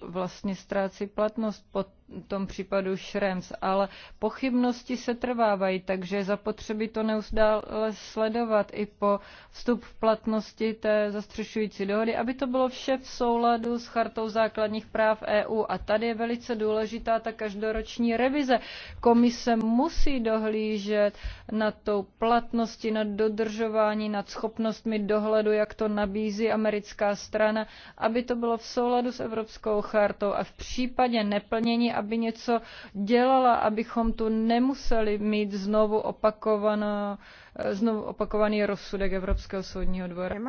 vlastně ztrácí platnost po tom případu Šrems, ale pochybnosti se trvávají, takže zapotřebí to neustále sledovat i po vstup v platnosti té zastřešující dohody, aby to bylo vše v souladu s chartou základních práv EU. A tady je velice důležitá ta každoroční revize. Komise musí dohlížet na tou platnosti, nad dodržování, nad schopnostmi dohledu, jak to nabízí americká strana, aby to bylo v souladu s Evropskou chartou a v případě neplnění, aby něco dělala, abychom tu nemuseli mít znovu, opakovaná, eh, znovu opakovaný rozsudek Evropského soudního dvora.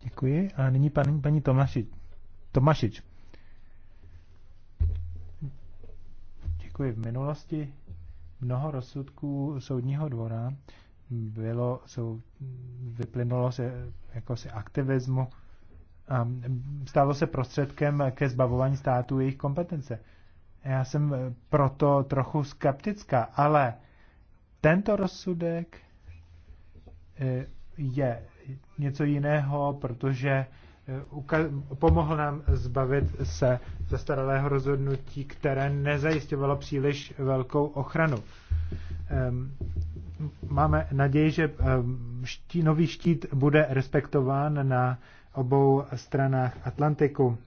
Děkuji. A nyní paní, paní Tomášič. Tomášič. Děkuji. V minulosti mnoho rozsudků soudního dvora bylo, jsou, vyplynulo se jako aktivismu stalo se prostředkem ke zbavování států jejich kompetence. Já jsem proto trochu skeptická, ale tento rozsudek eh, je něco jiného, protože eh, pomohl nám zbavit se zastaralého rozhodnutí, které nezajistovalo příliš velkou ochranu. Ehm, máme naději, že ehm, nový štít bude respektován na obou stranách Atlantiku.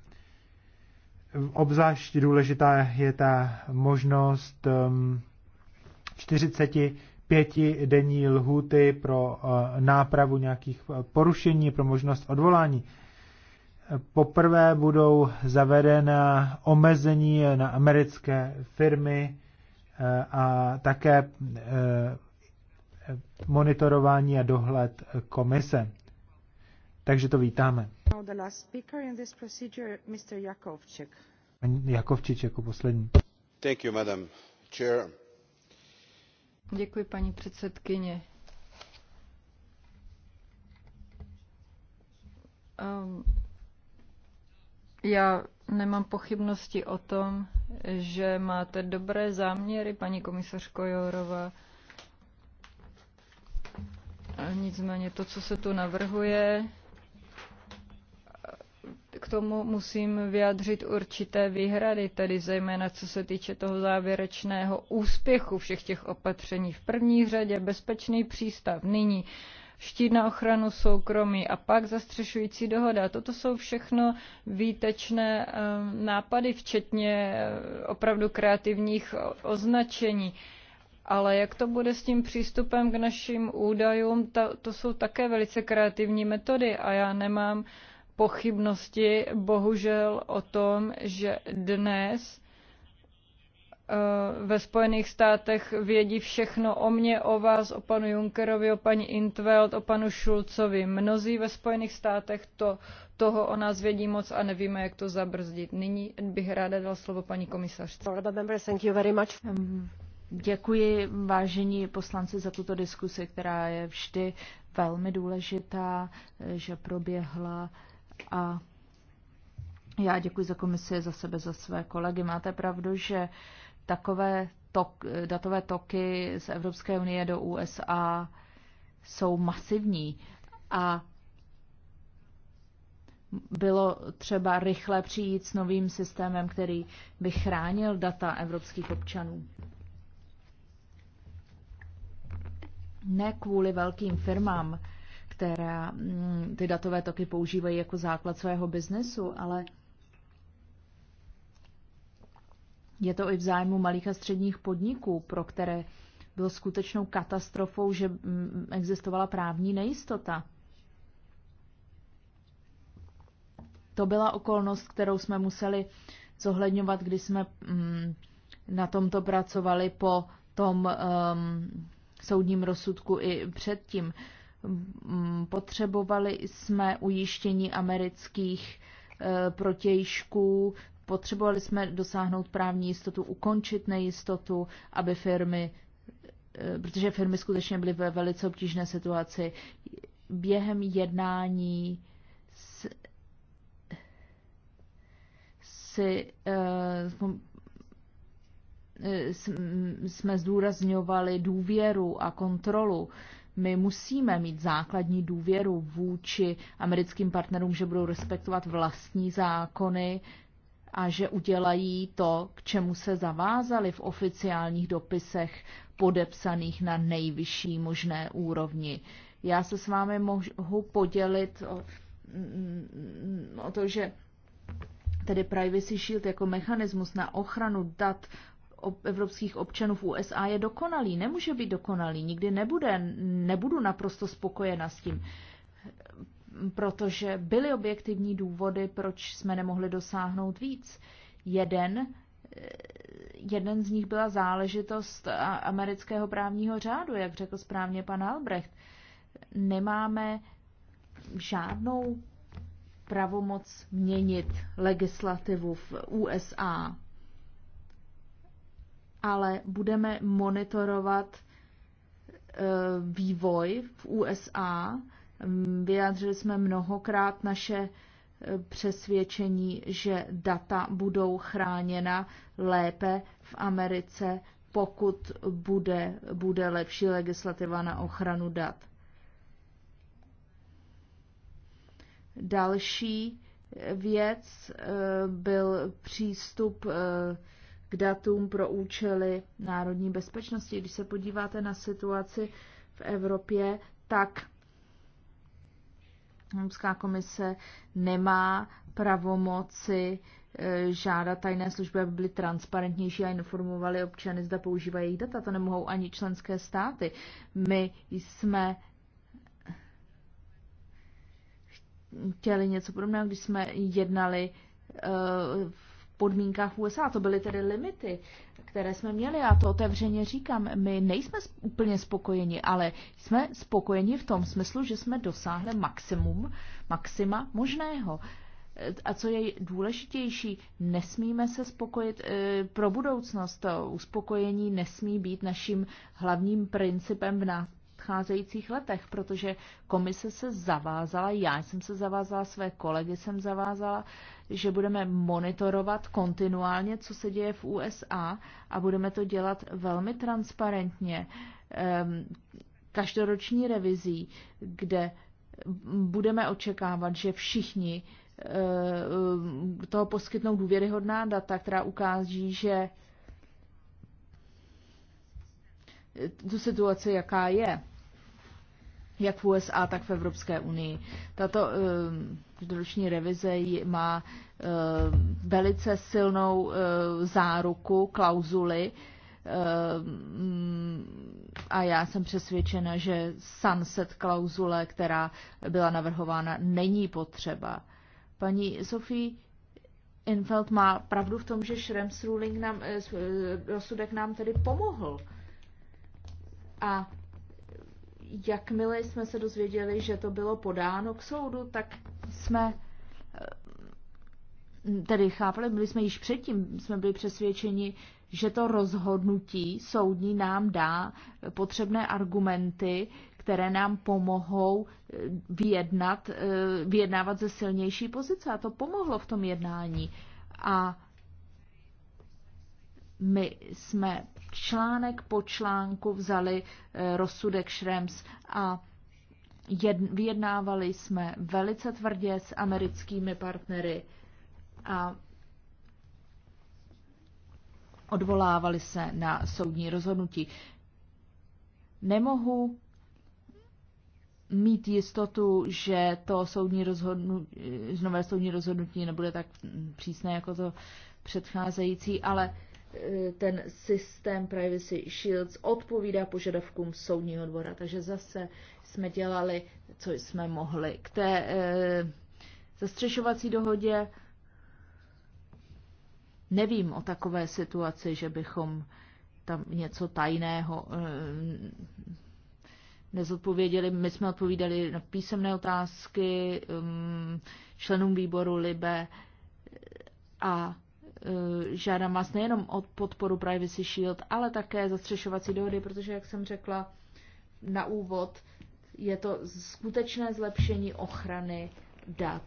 Obzvlášť důležitá je ta možnost 45 um, denní lhůty pro uh, nápravu nějakých uh, porušení, pro možnost odvolání. Poprvé budou zavedena omezení na americké firmy uh, a také monitorování a dohled komise. Takže to vítáme. Jakovčič jako poslední. Thank you, madam chair. Děkuji, paní předsedkyně. Um, já nemám pochybnosti o tom, že máte dobré záměry, paní komisařko Jourova. Nicméně to, co se tu navrhuje, k tomu musím vyjádřit určité výhrady, tedy zejména co se týče toho závěrečného úspěchu všech těch opatření. V první řadě bezpečný přístav nyní štít na ochranu soukromí a pak zastřešující dohoda. Toto jsou všechno výtečné eh, nápady, včetně eh, opravdu kreativních označení. Ale jak to bude s tím přístupem k našim údajům, to, to jsou také velice kreativní metody a já nemám uh, pochybnosti bohužel o tom, že dnes eh, ve Spojených státech vědí všechno o mě, o vás, o panu Junckerovi, o paní Intveld, o panu Šulcovi. Mnozí ve Spojených státech to, toho o nás vědí moc a nevíme, jak to zabrzdit. Nyní bych ráda dala slovo paní komisařce. Děkuji vážení poslanci za tuto diskusi, která je vždy velmi důležitá, eh, že proběhla a já děkuji za komisi, za sebe, za své kolegy. Máte pravdu, že takové tok, datové toky z Evropské unie do USA jsou masivní a bylo třeba rychle přijít s novým systémem, který by chránil data evropských občanů. Ne kvůli velkým firmám, která mm, ty datové toky používají jako základ svého biznesu, ale je to i v zájmu malých a středních podniků, pro které bylo skutečnou katastrofou, že mm, existovala právní nejistota. To byla okolnost, kterou jsme museli zohledňovat, když jsme mm, na tomto pracovali po tom um, soudním rozsudku i předtím. Uh, Mm, potřebovali jsme ujištění amerických eh, protějšků, potřebovali jsme dosáhnout právní jistotu, ukončit nejistotu, aby firmy, eh, protože firmy skutečně byly ve velice obtížné situaci, během jednání s, si uh, jsme zdůrazňovali důvěru a kontrolu my musíme mít základní důvěru vůči americkým partnerům, že budou respektovat vlastní zákony a že udělají to, k čemu se zavázali v oficiálních dopisech podepsaných na nejvyšší možné úrovni. Já se s vámi mohu podělit o, mm, o to, že tedy Privacy Shield jako mechanismus na ochranu dat evropských občanů v USA je dokonalý. Nemůže být dokonalý, nikdy nebude. Nebudu naprosto spokojena s tím, protože byly objektivní důvody, proč jsme nemohli dosáhnout víc. Jeden, jeden z nich byla záležitost amerického právního řádu, jak řekl správně pan Albrecht. Nemáme žádnou pravomoc měnit legislativu v USA ale budeme monitorovat eh, vývoj v USA. Mm, vyjádřili jsme mnohokrát naše eh, přesvědčení, že data budou chráněna lépe v Americe, pokud bude, bude lepší legislativa na ochranu dat. Další eh, věc byl přístup k datům pro účely národní bezpečnosti. Když se podíváte na situaci v Evropě, tak Evropská komise nemá pravomoci e, žádat tajné služby, aby byly transparentnější a informovali občany, zda používají jejich data. To nemohou ani členské státy. My jsme chtěli něco podobného, když jsme jednali e, v podmínkách USA. To byly tedy limity, které jsme měli a to otevřeně říkám. My nejsme úplně spokojeni, ale jsme spokojeni v tom smyslu, že jsme dosáhli maximum, maxima možného. A co je důležitější, nesmíme se spokojit e, pro budoucnost. To uspokojení nesmí být naším hlavním principem v nadcházejících letech, protože komise se zavázala, já jsem se zavázala, své kolegy jsem zavázala, že budeme monitorovat kontinuálně, co se děje v USA a budeme to dělat velmi transparentně, ehm, každoroční revizí, kde budeme očekávat, že všichni eh, toho poskytnou důvěryhodná data, která ukáží, že tu situaci, jaká je jak v USA, tak v Evropské unii. Tato ehm, roční revize má ehm, velice silnou ehm, záruku, klauzuly, a já jsem přesvědčena, že sunset klauzule, která byla navrhována, není potřeba. Paní Sofí, Infeld má pravdu v tom, že Schrems ruling nám, eh, eh, rozsudek nám tedy pomohl. A jakmile jsme se dozvěděli, že to bylo podáno k soudu, tak jsme eh, tedy chápali, byli jsme již předtím, jsme byli přesvědčeni, že to rozhodnutí soudní nám dá potřebné argumenty, které nám pomohou eh, vyjednat, eh, vyjednávat ze silnější pozice. A to pomohlo v tom jednání. A my jsme článek po článku vzali eh, rozsudek Šrems a vyjednávali jsme velice tvrdě s americkými partnery a odvolávali se na soudní rozhodnutí. Nemohu mít jistotu, že to soudní rozhodnutí, nové soudní rozhodnutí nebude tak přísné jako to předcházející, ale E, ten systém Privacy Shields odpovídá požadavkům soudního dvora. Takže zase jsme dělali, co jsme mohli. K té e, zastřešovací dohodě nevím o takové situaci, že bychom tam něco tajného e, nezodpověděli. My jsme odpovídali na písemné otázky e, členům výboru LIBE a Eh, žádám vás nejenom o podporu Privacy Shield, ale také zastřešovací dohody, protože, jak jsem řekla na úvod, je to skutečné zlepšení ochrany dat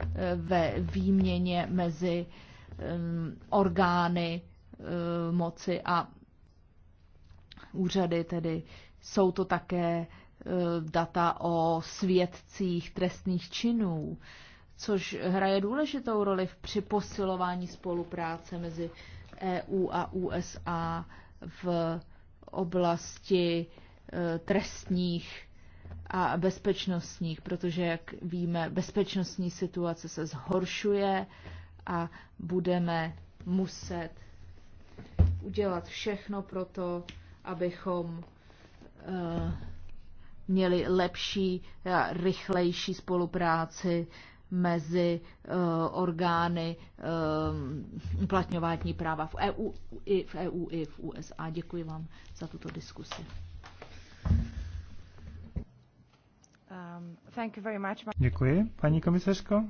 eh, ve výměně mezi eh, orgány moci a úřady, tedy jsou to také data o svědcích trestných činů, což hraje důležitou roli v při posilování spolupráce mezi EU a USA v oblasti e, trestních a bezpečnostních, protože, jak víme, bezpečnostní situace se zhoršuje a budeme muset udělat všechno pro to, abychom e, měli lepší a rychlejší spolupráci mezi uh, orgány uh, uplatňování práva v EU, i v EU i v USA. Děkuji vám za tuto diskusi. Um, děkuji, paní komisařko.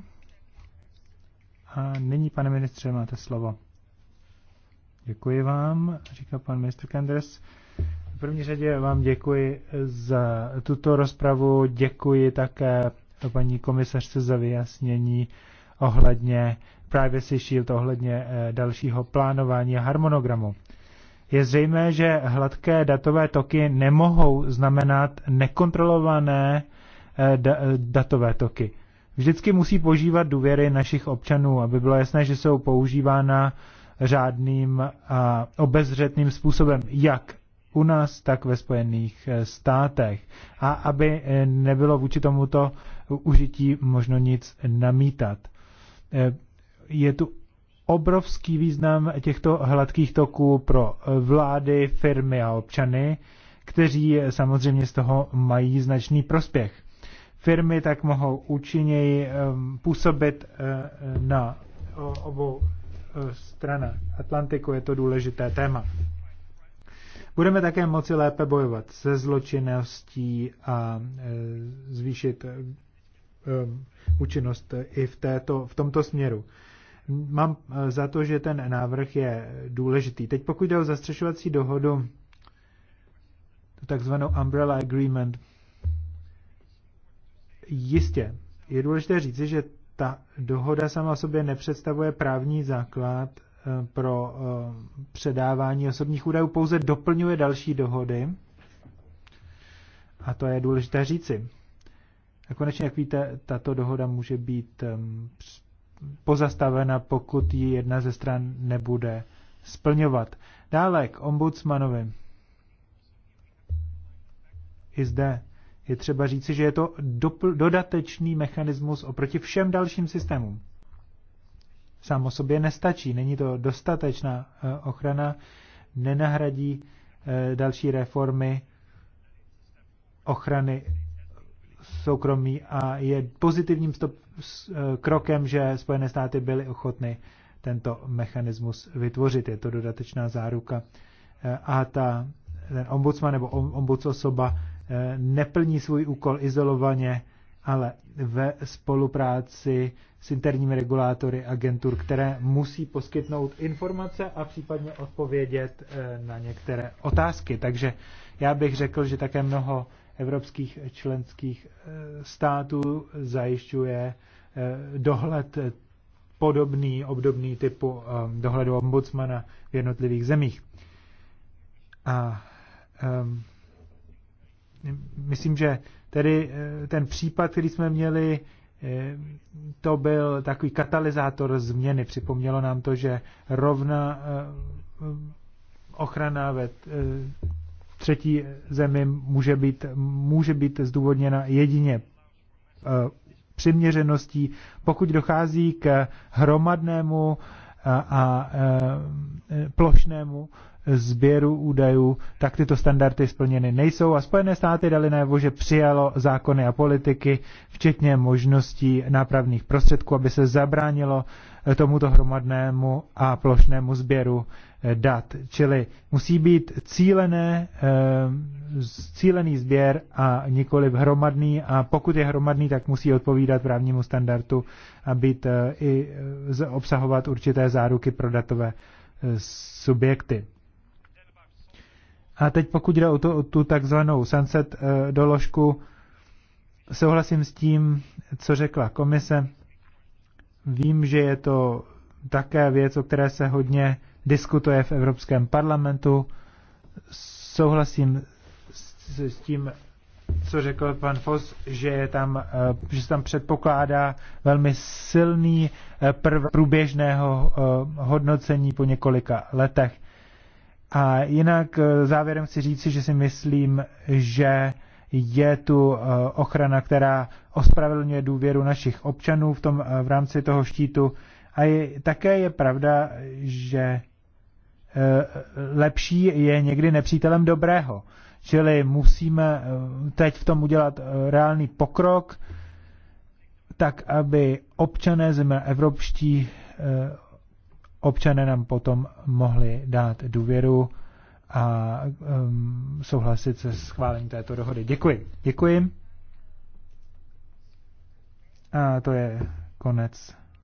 A nyní, pane ministře, máte slovo. Děkuji vám, říká pan ministr Kenders. V první řadě vám děkuji za tuto rozpravu, děkuji také paní komisařce za vyjasnění ohledně Privacy Shield, ohledně eh, dalšího plánování a harmonogramu. Je zřejmé, že hladké datové toky nemohou znamenat nekontrolované eh, eh, datové toky. Vždycky musí požívat důvěry našich občanů, aby bylo jasné, že jsou používána řádným a obezřetným způsobem, jak u nás, tak ve Spojených státech. A aby nebylo vůči tomuto užití možno nic namítat. Eh, je tu obrovský význam těchto hladkých toků pro vlády, firmy a občany, kteří samozřejmě z toho mají značný prospěch. Firmy tak mohou účinněji ehm, působit eh, na obou eh, stranách Atlantiku, je to důležité téma. Budeme také moci lépe bojovat se zločinností a zvýšit Um, účinnost i v, této, v tomto směru. Mám eh, za to, že ten návrh je důležitý. Teď pokud jde o zastřešovací dohodu, takzvanou Umbrella Agreement, jistě je důležité říci, že ta dohoda sama o sobě nepředstavuje právní základ eh, pro eh, předávání osobních údajů, pouze doplňuje další dohody. A to je důležité říci. A konečně, jak víte, tato dohoda může být pozastavena, pokud ji jedna ze stran nebude splňovat. Dále k ombudsmanovi. I zde je třeba říci, že je to dopl- dodatečný mechanismus oproti všem dalším systémům. Sám o sobě nestačí, není to dostatečná e, ochrana, nenahradí e, další reformy ochrany soukromí a je pozitivním stop, eh, krokem, že Spojené státy byly ochotny tento mechanismus vytvořit. Je to dodatečná záruka. Eh, a ta, ten ombudsman nebo ombudsosoba eh, neplní svůj úkol izolovaně, ale ve spolupráci s interními regulátory agentur, které musí poskytnout informace a případně odpovědět na některé otázky. Takže já bych řekl, že také mnoho evropských členských eh, států zajišťuje eh, dohled eh, podobný, obdobný typu dohledu ombudsmana v jednotlivých zemích. A um, myslím, že tedy ten případ, který jsme měli, to byl takový katalyzátor změny. Připomnělo nám to, že rovna ochrana ve třetí zemi může být, může být zdůvodněna jedině eh, přiměřeností, pokud dochází k hromadnému eh, a eh, plošnému sběru údajů, tak tyto standardy splněny nejsou a Spojené státy dali najevo, že přijalo zákony a politiky, včetně možností nápravných prostředků, aby se zabránilo eh, tomuto hromadnému a plošnému sběru eh, dat. Čili musí být cílené, eh, cílený sběr a nikoli hromadný a pokud je hromadný, tak musí odpovídat právnímu standardu a být i obsahovat určité záruky pro datové subjekty. A teď pokud jde o tu, o tu takzvanou sunset eh, doložku, souhlasím s tím, co řekla komise. Vím, že je to také věc, o které se hodně diskutuje v Evropském parlamentu. Souhlasím s, s tím, co řekl pan Fos, že, je tam, eh, že se tam předpokládá velmi silný eh, prv průběžného hodnocení po několika letech. A jinak eh, závěrem chci říci, že si myslím, že je tu eh, ochrana, která ospravedlňuje důvěru našich občanů v, tom, eh, v rámci toho štítu. A je, také je pravda, že lepší je někdy nepřítelem dobrého. Čili musíme teď v tom udělat reálný pokrok, tak aby občané země evropští občané nám potom mohli dát důvěru a um, souhlasit se schválením této dohody. Děkuji. Děkuji. A to je konec.